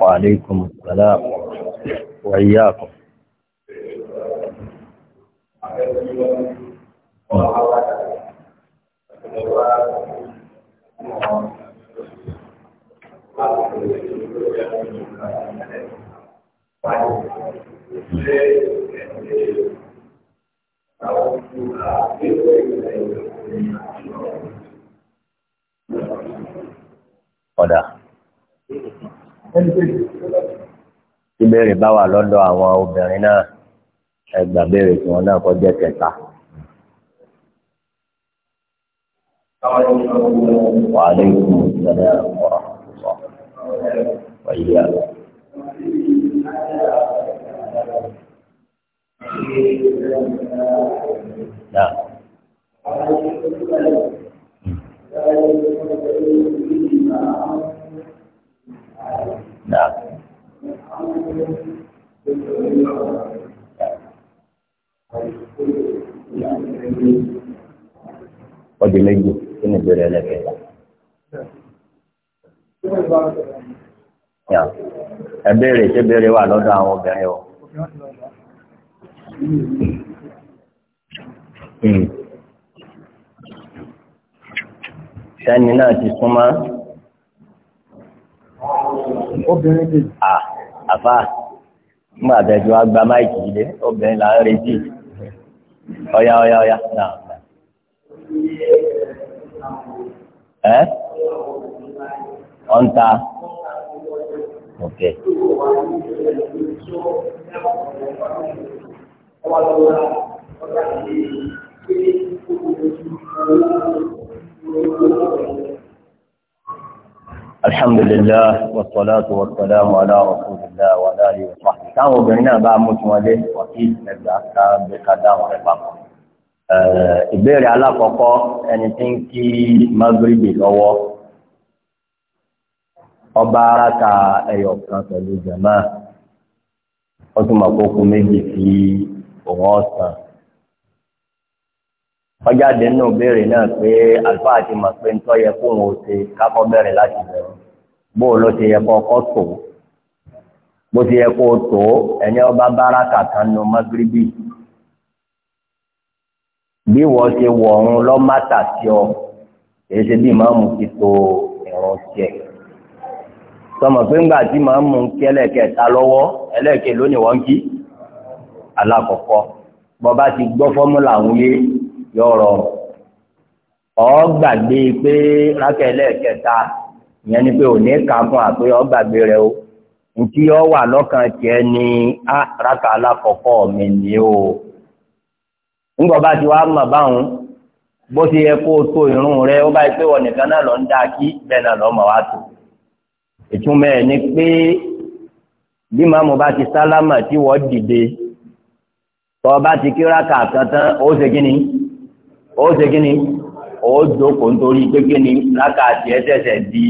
وعليكم السلام وإياكم Pada ìbéèrè bá wà lọ́dọ̀ àwọn obìnrin náà ẹgbà béèrè tí wọn náà kọjá kẹta. Wa نعم méjì kí ni ìbéèrè ẹlẹ́kẹ̀ẹ́ta. ẹ béèrè ṣé béèrè wà lọ́dọ̀ àwọn obìnrin o. sẹ́ni hmm. náà ti súnmọ́ obìnrin bì. àfa nígbà tẹ̀síwá gba máìkì yìí dé obìnrin là ń retí ọ̀yá ọ̀yá ọ̀yá náà. ẹ ọ̀ǹta ok. Thank you. الحمد لله والصلاة والسلام على رسول الله وعلى آله وصحبه táwọn obìnrin náà bá mú tiwọn lé wàkí ẹgbẹ́ àká gbé ká dáhùn rẹ̀ papọ̀. ìbéèrè alákọ̀ọ́kọ́ ẹni tí ń kí magrebi lọ́wọ́ ọba araka ẹyọ kan pẹ̀lú jama ó tún mọ̀ kókó méjì sí òun ọ̀sán ọjáde nínú béèrè náà pé àlùfáà ti mọ̀ pé ntọ́ yẹ kó wọn ò ṣe kákọ́ bẹ̀rẹ̀ láti bẹ̀rẹ̀ bó o ló ti yẹ kó ọkọ́ tó bó ti yẹ kó o tó ẹni ọba bára kàkan nu magribi bí wọ́n ṣe wọ̀ ọ́n lọ́mátà sí ọ èyí ṣe bí màmú ti tó ìrún tiẹ̀ sọmọ pé ńgbà tí màmú kí ẹlẹ́kẹta lọ́wọ́ ẹlẹ́kẹ lónìí wọ́n kí alákọ̀ọ́kọ́ bọ́ bá ti gbọ́ fọ́múlà ń yé. yọrọ ọgbàgbé pé rákẹlẹ kẹta ìyẹn ni pé òní kan fún àpé ọgbàgbé rẹ o nti yọ wà lọ́kàn ni a raka mi ni o ńgbọ bá ti wá mọ báwọn bó ti yẹ kó o tó irun rẹ ó bá pé wọn nìkan náà lọ ń dá kí náà lọ mọ wá tó ti sálámà tí dìde ti kí ó ṣe kí ni ó jókòó nítorí pé kí ni di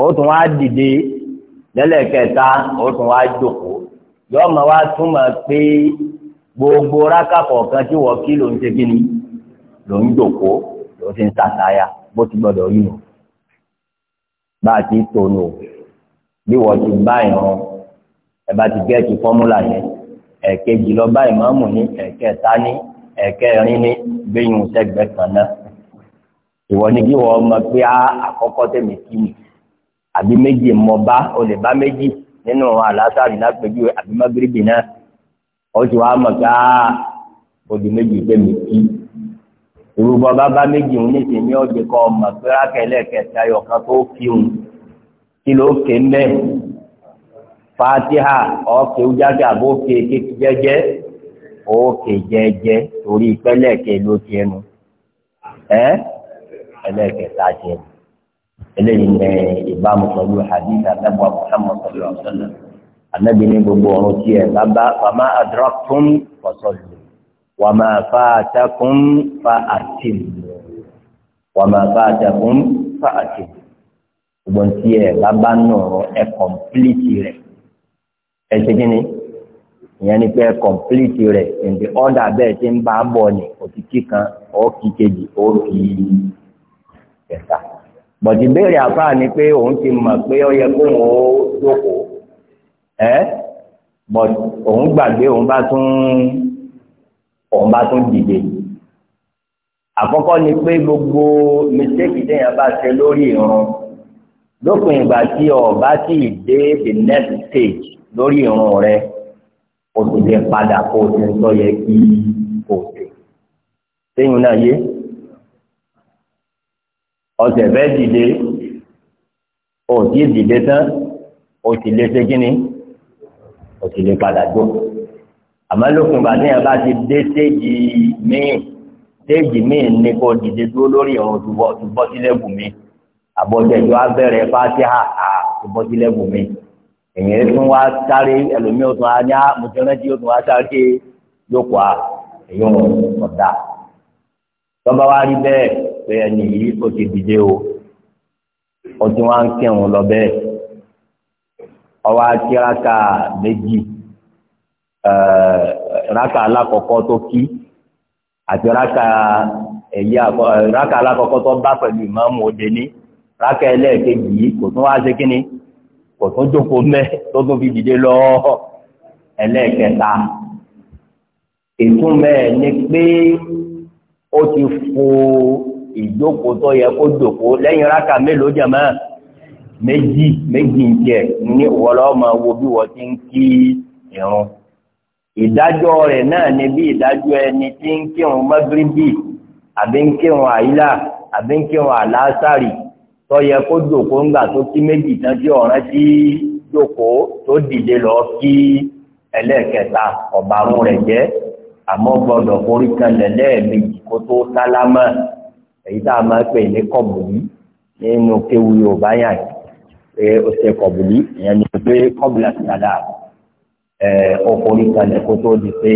ó tún wá dìde lẹ́lẹ́kẹta ó tún wá yọ ma wá túmọ̀ pé gbogbo rákà kan tí wọ́n kí ló ń ṣe kí ni ló ń jókòó ló ti ń sàtáyà bó ti gbọ́dọ̀ yìí nù bá a ti tònù bí wọ́n ti bá ìran ẹ̀ ẹ̀kejì lọ bá ìmáàmù ní ẹ̀kẹta ní ẹ̀kẹrin ní gbẹ̀yìn sẹ́gbẹ̀ kan náà ìwọ ni kí wọ́n mọ̀ pé àkọ́kọ́ tẹ̀mí kí ni àbí méjì mọ̀ bá o lè bá méjì nínú àlásàrì lápẹjù àbí mágíríbì náà ó ti wá mọ̀ pé odi méjì tẹ̀mí kí irúgbọ bàbá méjì ń ní tèmi ọjọ́ kọ ọmọ pé rákẹlẹ kẹta ẹyọ tó kí òun kí ló ké fatiha ọ̀kẹ́ ojáde àbókè kékeré jẹ́jẹ́ òkè jẹ́jẹ́ torí pẹ́lẹ́kẹ́ ló ti ẹnu ẹ́ pẹ́lẹ́kẹ́ta ti ẹnu eléyìí ní ìbámu pẹ̀lú hadith anábọ̀ muhammad sallallahu alaihi wa sallam anábì ní gbogbo ọ̀run tí ẹ̀ bàbá fama adraktum fasallu wàmà fàtàkùn fàtìm wàmà fàtàkùn fàtìm gbogbo tí rẹ̀ ẹ ṣe ni ìyẹn ni pé kọ̀m̀plìtì rẹ̀ ǹdí ọ̀dà bẹ́ẹ̀ ti ń bá a bọ̀ ni òkìkí kan òkì kejì òkì kẹta bọ̀dì béèrè àfáà ni pé òun ti mọ̀ pé ó yẹ kóun ó jókòó ẹ́ but òun gbàgbé òun bá tún òun bá tún dìde àkọ́kọ́ ni pé gbogbo mistake téèyàn bá ṣe lórí ìrun lópin ìgbà tí ọba tí ì dé the next stage lórí irun rẹ o ti lè padà kó o ti ń sọ yẹ kí o ti sẹ́yìn náà yé ọsẹ fẹ́ dìde o ti dìde tán o ti lè ṣe kínní o ti lè padà jó àmọ́ lópin ìgbà tí ọba ti dé stage míì stage míì ni kò dìde dúró lórí irun tó bọ́ sílẹ̀ bù mí àbọ̀jẹ̀jọ́ abẹ́rẹ́ fatiha àtibọ́sílẹ̀gùn mi èyí tún wá sáré ẹlòmíì ó tún wá ní àmùtẹ́rẹ́jì ó tún wá sáré yòókù à èyí wọn ọ̀dà tọ́ba wá rí bẹ́ẹ̀ pé ẹni yìí ó ti dìde o ó ti wá ń kírun lọ bẹ́ẹ̀ ọwọ́ akíraka méjì raka alákọ̀ọ́kọ́ tó kí àti raka èyí tó bá pẹ̀lú ìmáàmù òde ní rákà ẹlẹ́ẹ̀kejì yìí kò tún wá ṣe kínní kò tún jókòó mẹ́ tó tún fi dìde lọ ẹlẹ́ẹ̀kẹta ìtumọ̀ ẹ̀ ni pé ó ti fo ìjókòó tó yẹ kó jókòó lẹ́yìn rákà mélòó jẹ̀mọ́ méjì méjì ń jẹ ní ìwọlọ́ máa wo bí wọ́n ti ń kí ìrun ìdájọ́ rẹ̀ náà ni bí ìdájọ́ ẹni tí ń kírun mọ́gíríbì àbí ń kírun àyílà àbí ń kírun àlásàrì tó yẹ kó jòkó ńgbà tó kí méjì tán tí ọ̀ràn tí jòkó tó dìde lọ kí ẹlẹ́ẹ̀kẹta ọ̀bàrún rẹ̀ jẹ́ àmọ́ gbọ́dọ̀ forí kanlẹ̀ lẹ́ẹ̀mejì kó tó sálámà èyí tá a máa pè ní kọ̀bùlí nínú kéwu yorùbá yàn pé ó ṣe kọ̀bùlí ìyẹn ni pé kọ́bùlà sàdá ẹ̀ ó forí kanlẹ̀ kó tó di pé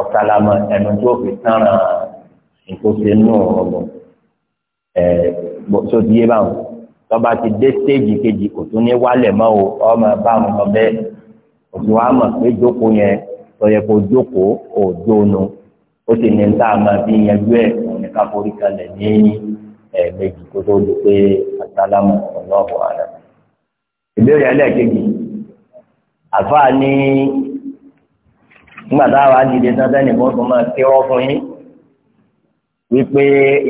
ọ̀sálámà ẹnu tó fi tán ra nǹkó ṣe nù ọ̀rọ̀ ẹ̀ tó ti yé báwọn tọba ti dé stéèjì kejì kò tún ní wálẹ̀ mọ́ o ọmọ báwọn lọ bẹ́ẹ̀ kò tún wá mọ̀ pé jókòó yẹn tọ̀yẹ̀ kó jókòó kò dóonu ó sì ní tá a máa fi yanjú ẹ̀ òun ká forí kalẹ̀ ní ẹ̀ẹ̀mejì kó tó di pé asálámù ọlọ́ọ̀bù ààrẹ. ìbéèrè ẹlẹ́ẹ̀kejì àfáà ní nígbà táwa dìde sátáni kan tó máa kí wọ́n fún yín wípé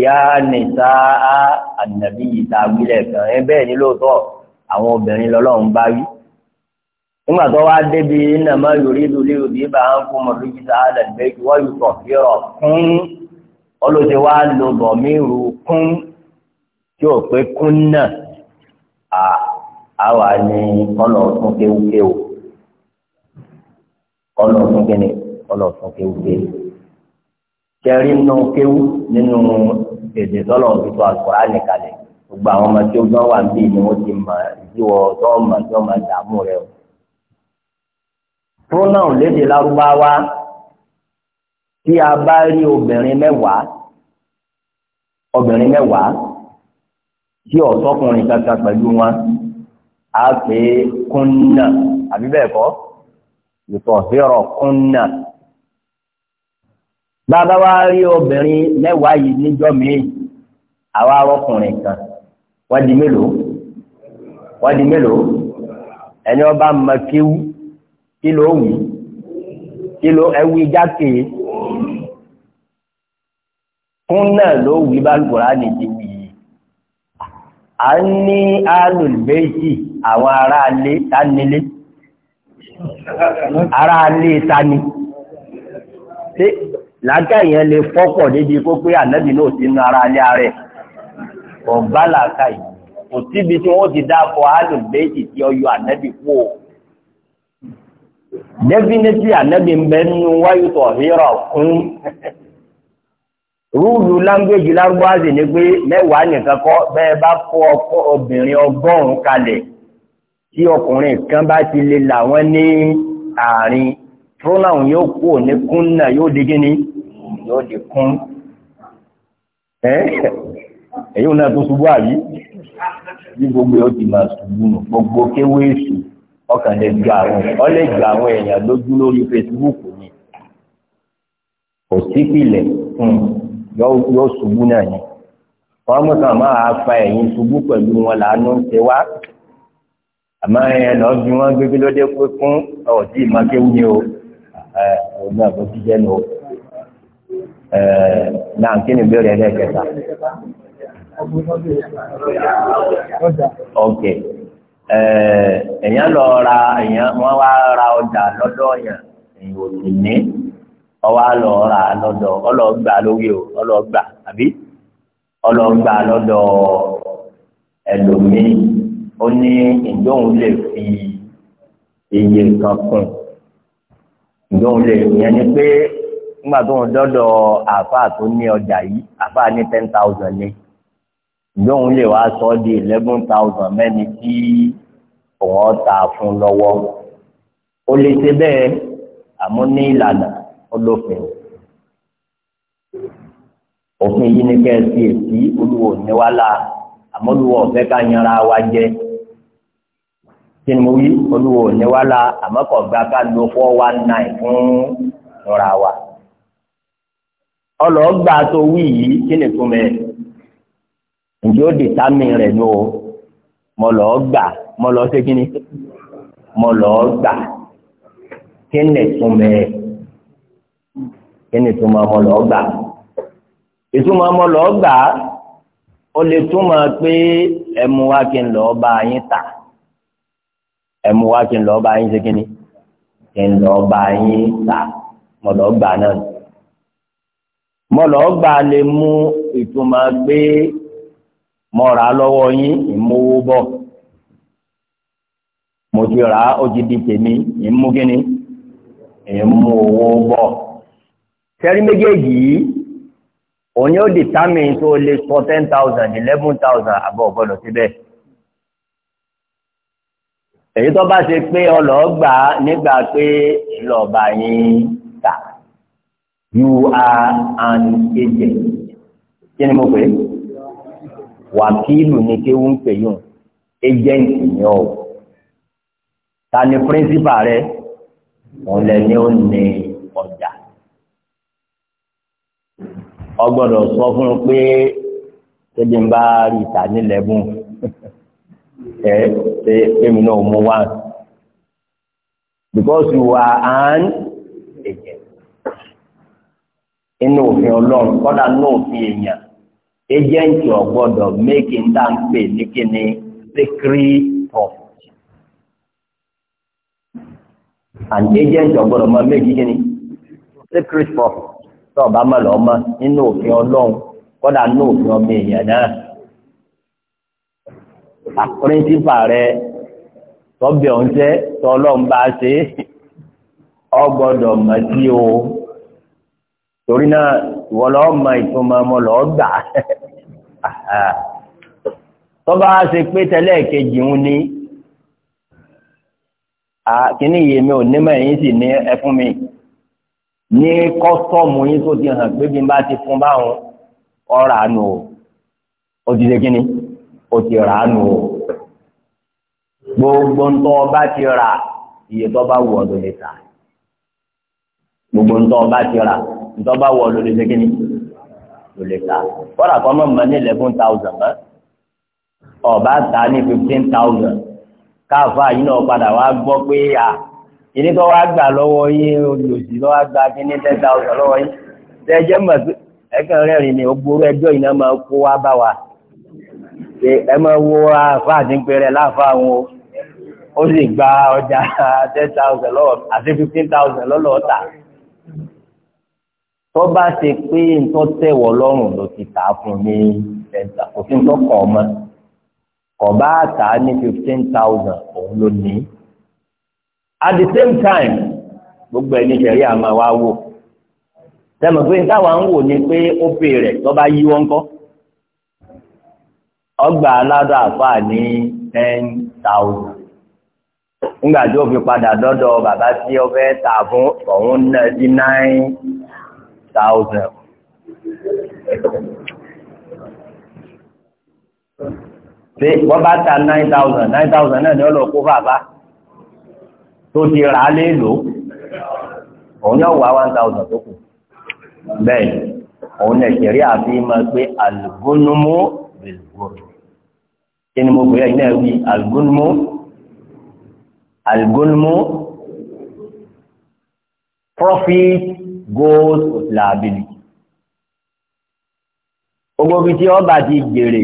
ya nìta ànàbí ìta wílẹ̀ kan ẹ bẹ́ẹ̀ ni lóòótọ́ àwọn obìnrin lọ́lọ́run bá wí nígbà tó wá débi nàmá yorì lulẹ̀ òbí bá ń kó mọ̀ lójú sáà lẹ́gbẹ̀ẹ́ kí wọ́n yóò sọ̀ fi ọ̀ kún ọlọ́dẹ wa lọ bọ̀ mí ru kún tí ò pé kún náà àwa ni ọ̀nà ọ̀tún kéwúkéwù ọ̀nà ọ̀tún kéwúkéwù tẹ̀rí nù kéwú nínú èdè tọ́lọ̀ tuntun àkùrá nìkalẹ̀ gbogbo àwọn ọmọ tí ó gbọ́n wà bíi ni wọ́n ti mọ ìdíwọ́ tọ́ọ̀mọ tí wọ́n máa dààmú rẹ o. pronoun lédè lárúbáwá tí a bá rí obìnrin mẹ́wàá obìnrin mẹ́wàá tí ọ̀tọ́kùnrin kankan pẹ̀lú wọn á pè é kúnnà àbí bẹ́ẹ̀ kọ́ ìtọ̀hírọ̀ kúnnà bàbá wa rí obìnrin mẹ́wàá yìí níjọ́ míì àwa ọkùnrin kan wọ́n di mélòó wọ́n di mélòó ẹni ọba mọ̀kéwú kí ló wù kí ló ẹwú jákè fún náà ló wù bá lùkùrá nìdí wì í à ń ní alùbẹ́ẹ̀tì àwọn aráalé tánilé aráalé tani làákà yẹn lè fọ́pọ̀ débi kó pé ànábì náà ti nu ara ní ara ẹ̀ ọ̀gbá làákà yìí kò síbi tí wọ́n ti dáàbò alùbẹ́ẹ̀tì tí ọyọ ànábì kú o. definitely ànábì ń bẹ nínú wáyé tó hírọ̀ kún rúùlù láńgbèjì lárúbáàsì ni pé mẹ́wàá nìkan kọ́ bẹ́ẹ̀ bá kó ọkọ obìnrin ọgọ́rùn-ún kalẹ̀ tí ọkùnrin kan bá ti lè làwọn ní àárín pronoun yóò kú ní kúnnà yóò di gíní yóò di kún ẹ̀yí ò náà tó ṣubú àyí bí gbogbo yóò ti máa ṣubú nù gbogbo kéwé èṣù ọkàn lè gba àwọn ọ lè àwọn èèyàn lójú lórí Facebook ni kò sí pilẹ̀ hmm, yóò ṣubú náà ni wọn mú kàn máa fa ẹ̀yìn ṣubú pẹ̀lú wọn làánú ṣe wá àmọ́ ẹ lọ́ọ́ bí wọ́n gbégbé lóde pé fún ọ̀tí ìmọ̀kéwú ni o ẹ òun náà bó ti jẹ́ nù o. náà kí ni ìbéèrè ẹlẹ́ẹ̀kẹta. ok èèyàn lọ ra èèyàn wọ́n wá ra ọjà lọ́dọ̀ yẹn èèyàn ò sì ní ọwọ́ lọ ra lọ́dọ̀ ọlọ́gbà lórí o ọlọ́gbà àbí ọlọ́gbà lọ́dọ̀ ẹlòmíì ó ní ìdóhùn lè fi iye kan kún un ìjọ lè yẹn ni pé nígbà tó ń dọ́dọ̀ àáfàá tó ní ọjà yìí àáfàá ní ten thousand ni ìjọ lè wá sọ di eleven thousand mẹ́ni tí òun ta fún lọ́wọ́ ó lè ṣe bẹ́ẹ̀ àmọ́ ní ìlànà olófin òfin yìí ni kẹ́ ẹ sí èsì olúwo níwálà àmọ́ olúwo ọ̀fẹ́ ká yanra wa jẹ́. kí ni mo wí olúwo ní la àmọ́kọ̀gbá lo four one nine fún ìrora wa ọlọ́gbà tó wí yìí kí ni fún mi ó rẹ ní o mo lọ gbà mo lọ kí ni mo lọ gbà kí ni fún mi kí ni fún mi mo lọ gbà ìtumọ̀ ẹmu wa kí n lọ bá yín ṣe kí ni kí n lọ bá yín ta mo lọ gbà náà ni mo lọ gbà lè mú ìtumọ̀ gbé mo rà lọ́wọ́ yín ìmúwó bọ̀ mo ti rà ó ti di tèmi ìmú kí ni ìmú bọ̀ sẹ́rí méjèèjì yìí òun yóò determine tó lè sọ ten thousand eleven thousand àbọ̀ ọ̀gbọ́dọ̀ síbẹ̀ èyí tó bá ṣe pé ọlọ́gbà nígbà pé lọ́ọ̀bà yín tà you are an agent kí ni mo pè é wàkílù ni kéwù ń pè yùn agent ni ọ ta ni principal rẹ òun lẹ ní ó ní ọjà ọ gbọ́dọ̀ sọ fún un pé ṣé bí n bùn. ẹ ṣe èmi náà mú wá because you are an agent inú òfin ọlọ́run kọ́dà ní òfin èèyàn agent make n dá ń ní kíni secret profit And agent ò gbọ́dọ̀ máa make kíni secret profit tó má lọ́ọ́ mọ́ inú òfin ọlọ́run kọ́dà ní òfin ọmọ èèyàn náà. píríncípà rẹ tọ́bẹ̀ ọ̀nṣẹ́ tọ́lọ́mbà ṣe ọ gbọ́dọ̀ mọ̀ sí o torí náà ìwọ lọ́ọ́ mọ ìtumọ̀ ọmọ lọ́ọ́ gbà tọ́ba ṣe pé tẹ́lẹ̀ kejì ń ní kíní yìí mi ò nímọ̀ yín sì ní ẹ mi ní kọ́sọ́ọ̀mù yín tó ti hàn pé bí n bá ti fún báwọn ọ̀rà nù ó ti ṣe kíní o ti rà á nù o gbogbo ntọ́ ọba ti rà iye tó bá wù ọ́ ló lè tà gbogbo ntọ́ ọba ti rà ntọ́ bá wù ọ́ ló lè ṣe kíni ló lè tà kọ́dà kan mọ̀ mọ́ ní eleven thousand mọ́ ọba tà ní fifteen thousand káfa yìí náà padà wá gbọ́ pé à ìní tó wá gbà lọ́wọ́ yín olùsí tó wá gba kíní ten thousand lọ́wọ́ yín tẹ́jẹ́ mọ̀ ẹ̀kan rẹ̀ rìn ní ogbóró ẹjọ́ ìná máa kó wá bá wa pé ẹ máa wo àfáà ní pẹrẹ láàfáà wọn ó sì gba ọjà ten thousand lọ́wọ́ àti fifteen thousand lọ́lọ́ ọ̀tà tó bá ṣe pé nǹkan tẹ̀wọ̀ lọ́rùn ló ti tà á fún ní ẹ̀ńtà kò sí nǹkan kan ọmọ ọba àtà ní fifteen òun ló ní at the same time gbogbo ẹni ṣẹ̀rí àmà wa wò tẹmọ̀ pé táwa ń wò ni pé ó pè rẹ̀ tó bá yí wọn kọ́ ọgbà aládọ́ àfáà ní ten thousand nígbà tí ó fi padà dọ́dọ̀ bàbá tí ó fẹ́ tà fún ọ̀hún náà sí nine thousand. ṣé wọ́n bá ta nine thousand nine thousand náà ni ó lọ kó bàbá tó ti rà á lé lò òun yóò wá one thousand tó kù bẹ́ẹ̀ òun ẹ̀ṣẹ̀rí àfi máa pé àlùgónúmú bìlùgónú kí ni mo gbé ẹ̀yìn wí algúnmú algúnmú profit goes with liability gbogbo fi tí ọba ti jèrè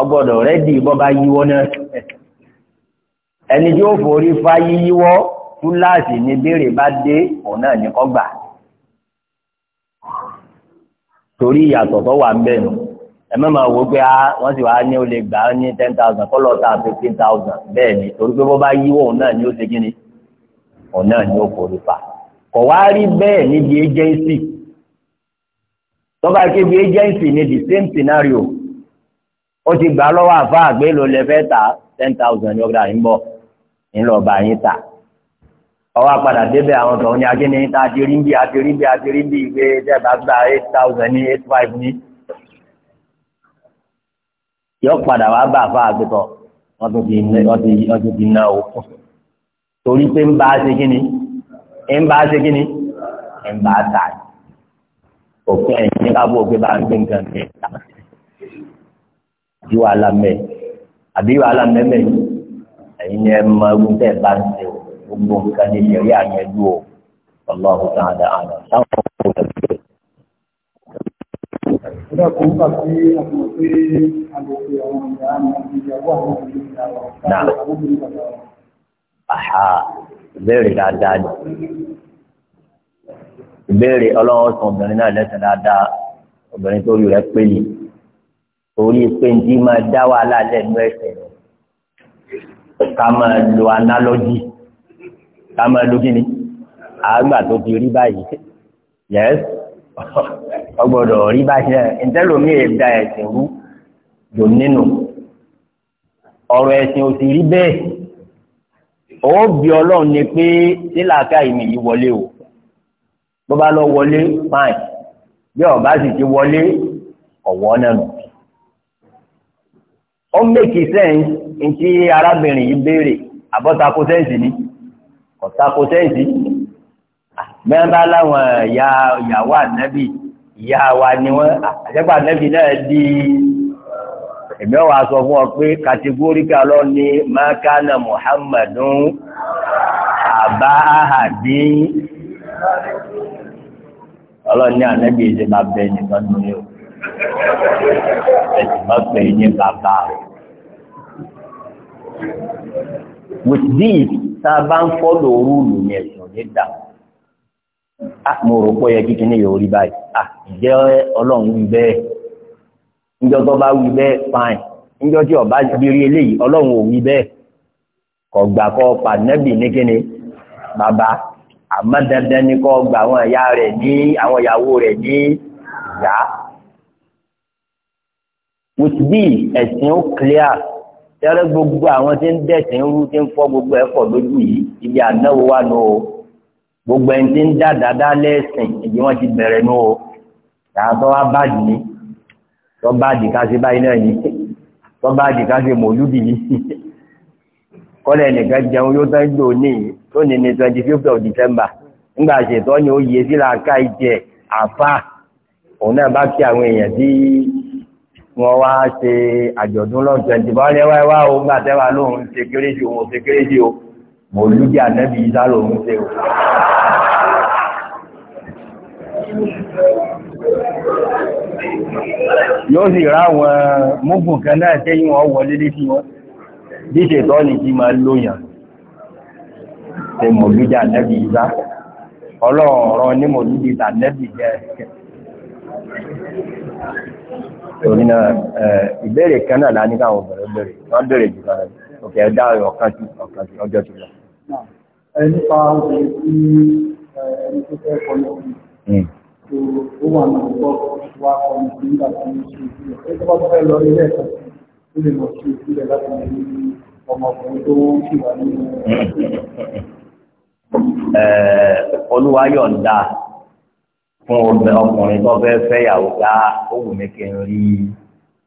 ọgbọ́dọ̀ rẹ́dì bọ́ba yíwọ́ náà ẹni tí ó forí fa yíyíwọ́ túláàsì ní béèrè bá dé òun náà ní kọ́gbà torí ìyàtọ̀ tó wà ń bẹ̀ ẹ̀mẹ́ máa wò pé ah, wọ́n sì wáá ní o lè gbà á ní ten thousand kọ́ lọ́ọ́ ta fifteen thousand bẹ́ẹ̀ ni torí pé bó bá yíwọ́ òun náà ni ó ṣe kí ni òun náà ni ó forí fa kọ̀ wá rí bẹ́ẹ̀ níbi agency tọ́ba kébi agency ni the same scenario ó ti gbà lọ́wọ́ àfa àgbélò lè fẹ́ ta ten thousand ní ọgbà yín bọ̀ ńlọba yín ta ọwọ́ apàdà débẹ̀ àwọn tọ̀hún ni akíní ta ti rí bí a rí bí a rí bí ìgbé tẹ́ẹ̀bá eight thousand ní eight five ní yọ padà wá bá àfa àgbẹtọ wọn tún ti wọn tún ti ná o torí pé ń bá a ṣe kíni ń bá a ṣe kíni ń bá a tà òfin ẹ̀yìn ní kábọ̀ òfin bá ń gbé nǹkan kẹ́ àbí wàhálà mẹ́ àbí wàhálà mẹ́mẹ́ ẹ̀yìn ni ẹ mọ ewu tẹ̀ bá ń ṣe o gbogbo nǹkan ní ìṣẹ̀rí àyẹ̀dú o ọlọ́run tàn án dáhùn sáwọn. Ìjọkùn gbà sí àwọn pé àgbègbè àwọn ìyá àti ìyàwó àwọn ìyá àwọn ìyá àwọn Àhà, ìbéèrè dáadáa ni. Ìbéèrè ọlọ́wọ́ sọ obìnrin náà lẹ́sẹ̀ dáadáa, obìnrin tó rí rẹ̀ pé yìí. Torí pé ní máa dá wàhálà lẹ́nu ẹ̀sẹ̀ rẹ̀. Ká máa lo análọ́jì, ká máa lo kíni? Àgbà tó ti rí báyìí. Yes. ọgbọ́dọ̀ rí bá ṣe ntẹlomi ẹ̀dá ẹ̀sìn rú jò nínú ọ̀rọ̀ ẹ̀sìn ò sì rí bẹ́ẹ̀ ó bí Ọlọ́run ni pé sílàkà ìmì yìí wọlé o bó bá lọ wọlé fine bí ọba sì ti wọlé ọwọ náà nù ó mèkì sẹ́ǹsì ntí arábìnrin yìí béèrè àbọ̀tako sẹ́ǹsì ni ọ̀tako sẹ́ǹsì bẹ́ẹ̀ bá láwọn ìyá ìyàwó ànábì ìyá wa ni wọ́n àjẹ́pà nẹ́bí náà di èmi ọ̀wà sọ fún ọ pé kàtígóríkà lọ ní mákànà muhammadu àbá àhàdí ọlọ́ni ànẹ́bí ìdí bá bẹ nìkan ní o ẹ̀sìn má pè ní bàbá with this tá ń fọ́lọ̀ rúùlù ní ẹ̀sùn nídàá Ah, mo rò pọ̀ yẹ kíkiní yóò rí báyìí ah, ọlọ́run wí bẹ́ẹ̀ ǹjọ́ tó bá wí fine tí ọba rírí eléyìí ọlọ́run ò wí bẹ́ẹ̀ kò gbà kọ́ pàdánẹ́bì ní kíni bàbá gba àwọn rẹ̀ ní àwọn ìyàwó rẹ̀ ní ìyá. with b ẹ̀sìn ó gbogbo àwọn tí ń dẹ̀sìn rú tí ń gbogbo ẹ̀fọ́ lójú ibi wà gbogbo ẹni tí ń dá dáadáa lẹ́sìn èyí wọ́n ti bẹ̀rẹ̀ nú o tààtọ́ wá báàdì ní tọ́ báàdì ká ṣe báyìí náà yìí tọ́ báàdì ká ṣe mòlúdì yìí kọ́lẹ̀ nìkan jẹun yóò tán jò ní tó ní ní twenty fifth of december nígbà ṣètọ́ ni ó yẹ síra ká ìjẹ àfa òun náà bá kí àwọn èèyàn tí wọ́n wá ṣe àjọ̀dún lọ́n twenty four lẹ́wọ́ ẹ wá o gbàtẹ́wà lóhun ṣe kéré sí òun ṣe kéré sí òun mòlúdí ànẹ́bí ìdálò ń ṣe o yóò sì rá àwọn múgùn kan náà tẹ́yìn wọn wọlé lé sí wọn bí ṣètọ́ ní kí máa lóyàn ṣe mòlúdí ànẹ́bí ìdá ọlọ́ọ̀rọ̀ ní mòlúdí ànẹ́bí jẹ́ torí náà ìbéèrè kan náà lá ní káwọn wọ́n béèrè jù lọ òkè ẹ̀dá ọ̀kan sí ọjọ́ ti lọ Nípa obìnrin tí ẹni tó fẹ́ kọ́ lọ sí. Ó wà ní ọgbọ́ wa kọ́ ní sí nígbà tí ó ṣe ìpìlẹ̀. Ó tó bá fẹ́ lọ ilé ẹ̀kọ́ sí, ó lè lọ sí ìpìlẹ̀ láti lè rí ọmọkùnrin tó ń ṣì wà nínú Olúwa yọ̀ǹda fún ọkùnrin tó fẹ́ fẹ́yàwó ká ah, ó wù kí n rí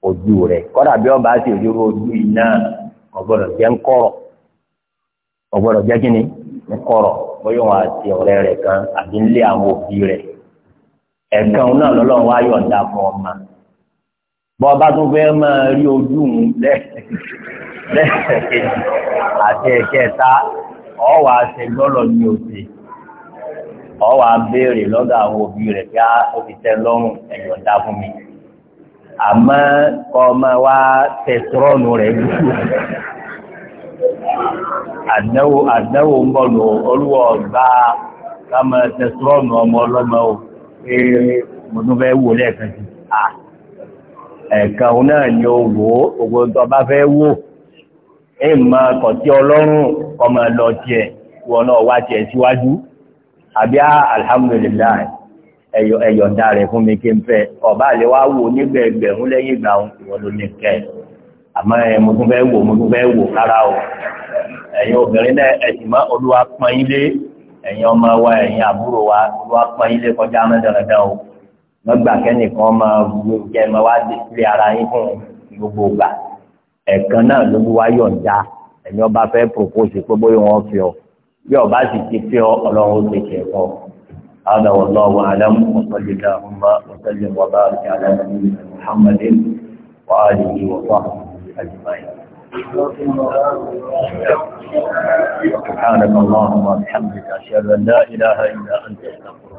ojú rẹ̀. Kọ́dà bí ọba sì rí ojú yìí náà, jẹ́ ń kọ̀rọ̀ ọgbọ́dọ̀ jẹ́ kínní ńkọ̀rọ̀ bóyá wọn àti ọ̀rẹ́ rẹ̀ kan àbí ńlé àwọn òbí rẹ̀ ẹ̀kan náà lọ́lọ́run wá yọ̀ǹda fún ọmọ bọ́ ọba tún fẹ́ máa rí ojú ń lẹ́ẹ̀kejì àti ẹ̀kẹta ọ̀wà àṣegbọ́lọ̀ ní òde ọ̀wà béèrè lọ́dọ̀ àwọn òbí rẹ̀ bí ó ti tẹ́ lọ́rùn ẹ̀yọ̀ǹda fún mi àmọ́ kọ́ ọmọ wa tẹ̀sírọ́ọ̀nù rẹ̀ àdẹ́wò àdẹ́wò ń bọ̀ lò olúwọ̀ gbá kámọ tẹsírọ́ọ̀nù ọmọ ọlọ́mọ o pé mo tún fẹ́ wò lẹ́ẹ̀kan sí à ẹ̀ẹ̀kan òun náà ni ó wò ó ògbó tó bá fẹ́ wò ẹ mọ kọ̀tí ọlọ́run ọmọ lọ tiẹ̀ wọn náà wá tiẹ̀ síwájú àbí alhamdulilayi ẹ̀yọ̀ ẹ̀yọ̀ ń darẹ̀ fún mi kí n fẹ́ ọ̀bá àlewá wò nígbẹ̀gbẹ̀rún àmọ́ ẹ mo tún fẹ́ wò mo tún fẹ́ wò kára o ẹ̀yin obìnrin náà ẹ̀sìn mọ́ olúwa pọ́n yín lé ẹ̀yin ọmọ wa ẹ̀yin àbúrò wa olúwa pọ́n yín lé kọjá mẹ́dẹ̀rẹ̀dẹ̀ o lọ́gbà kẹ́nìkan máa wo jẹ́ máa wá display ara yín fún gbogbo ìgbà ẹ̀ẹ̀kan náà lolúwa yọ̀ǹda ẹ̀yin ọba fẹ́ propose pé bóyá wọ́n fi ọ bí ọba sì ti fi ọ ọlọ́run ó ti kẹ̀ ọ. هذا والله أعلم وصل اللهم وسلم وبارك على نبينا محمد وآله وصحبه أجمعين سبحانك اللهم وبحمدك أشهد أن لا إله إلا أنت أستغفرك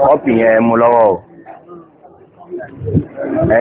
وأتوب إليك.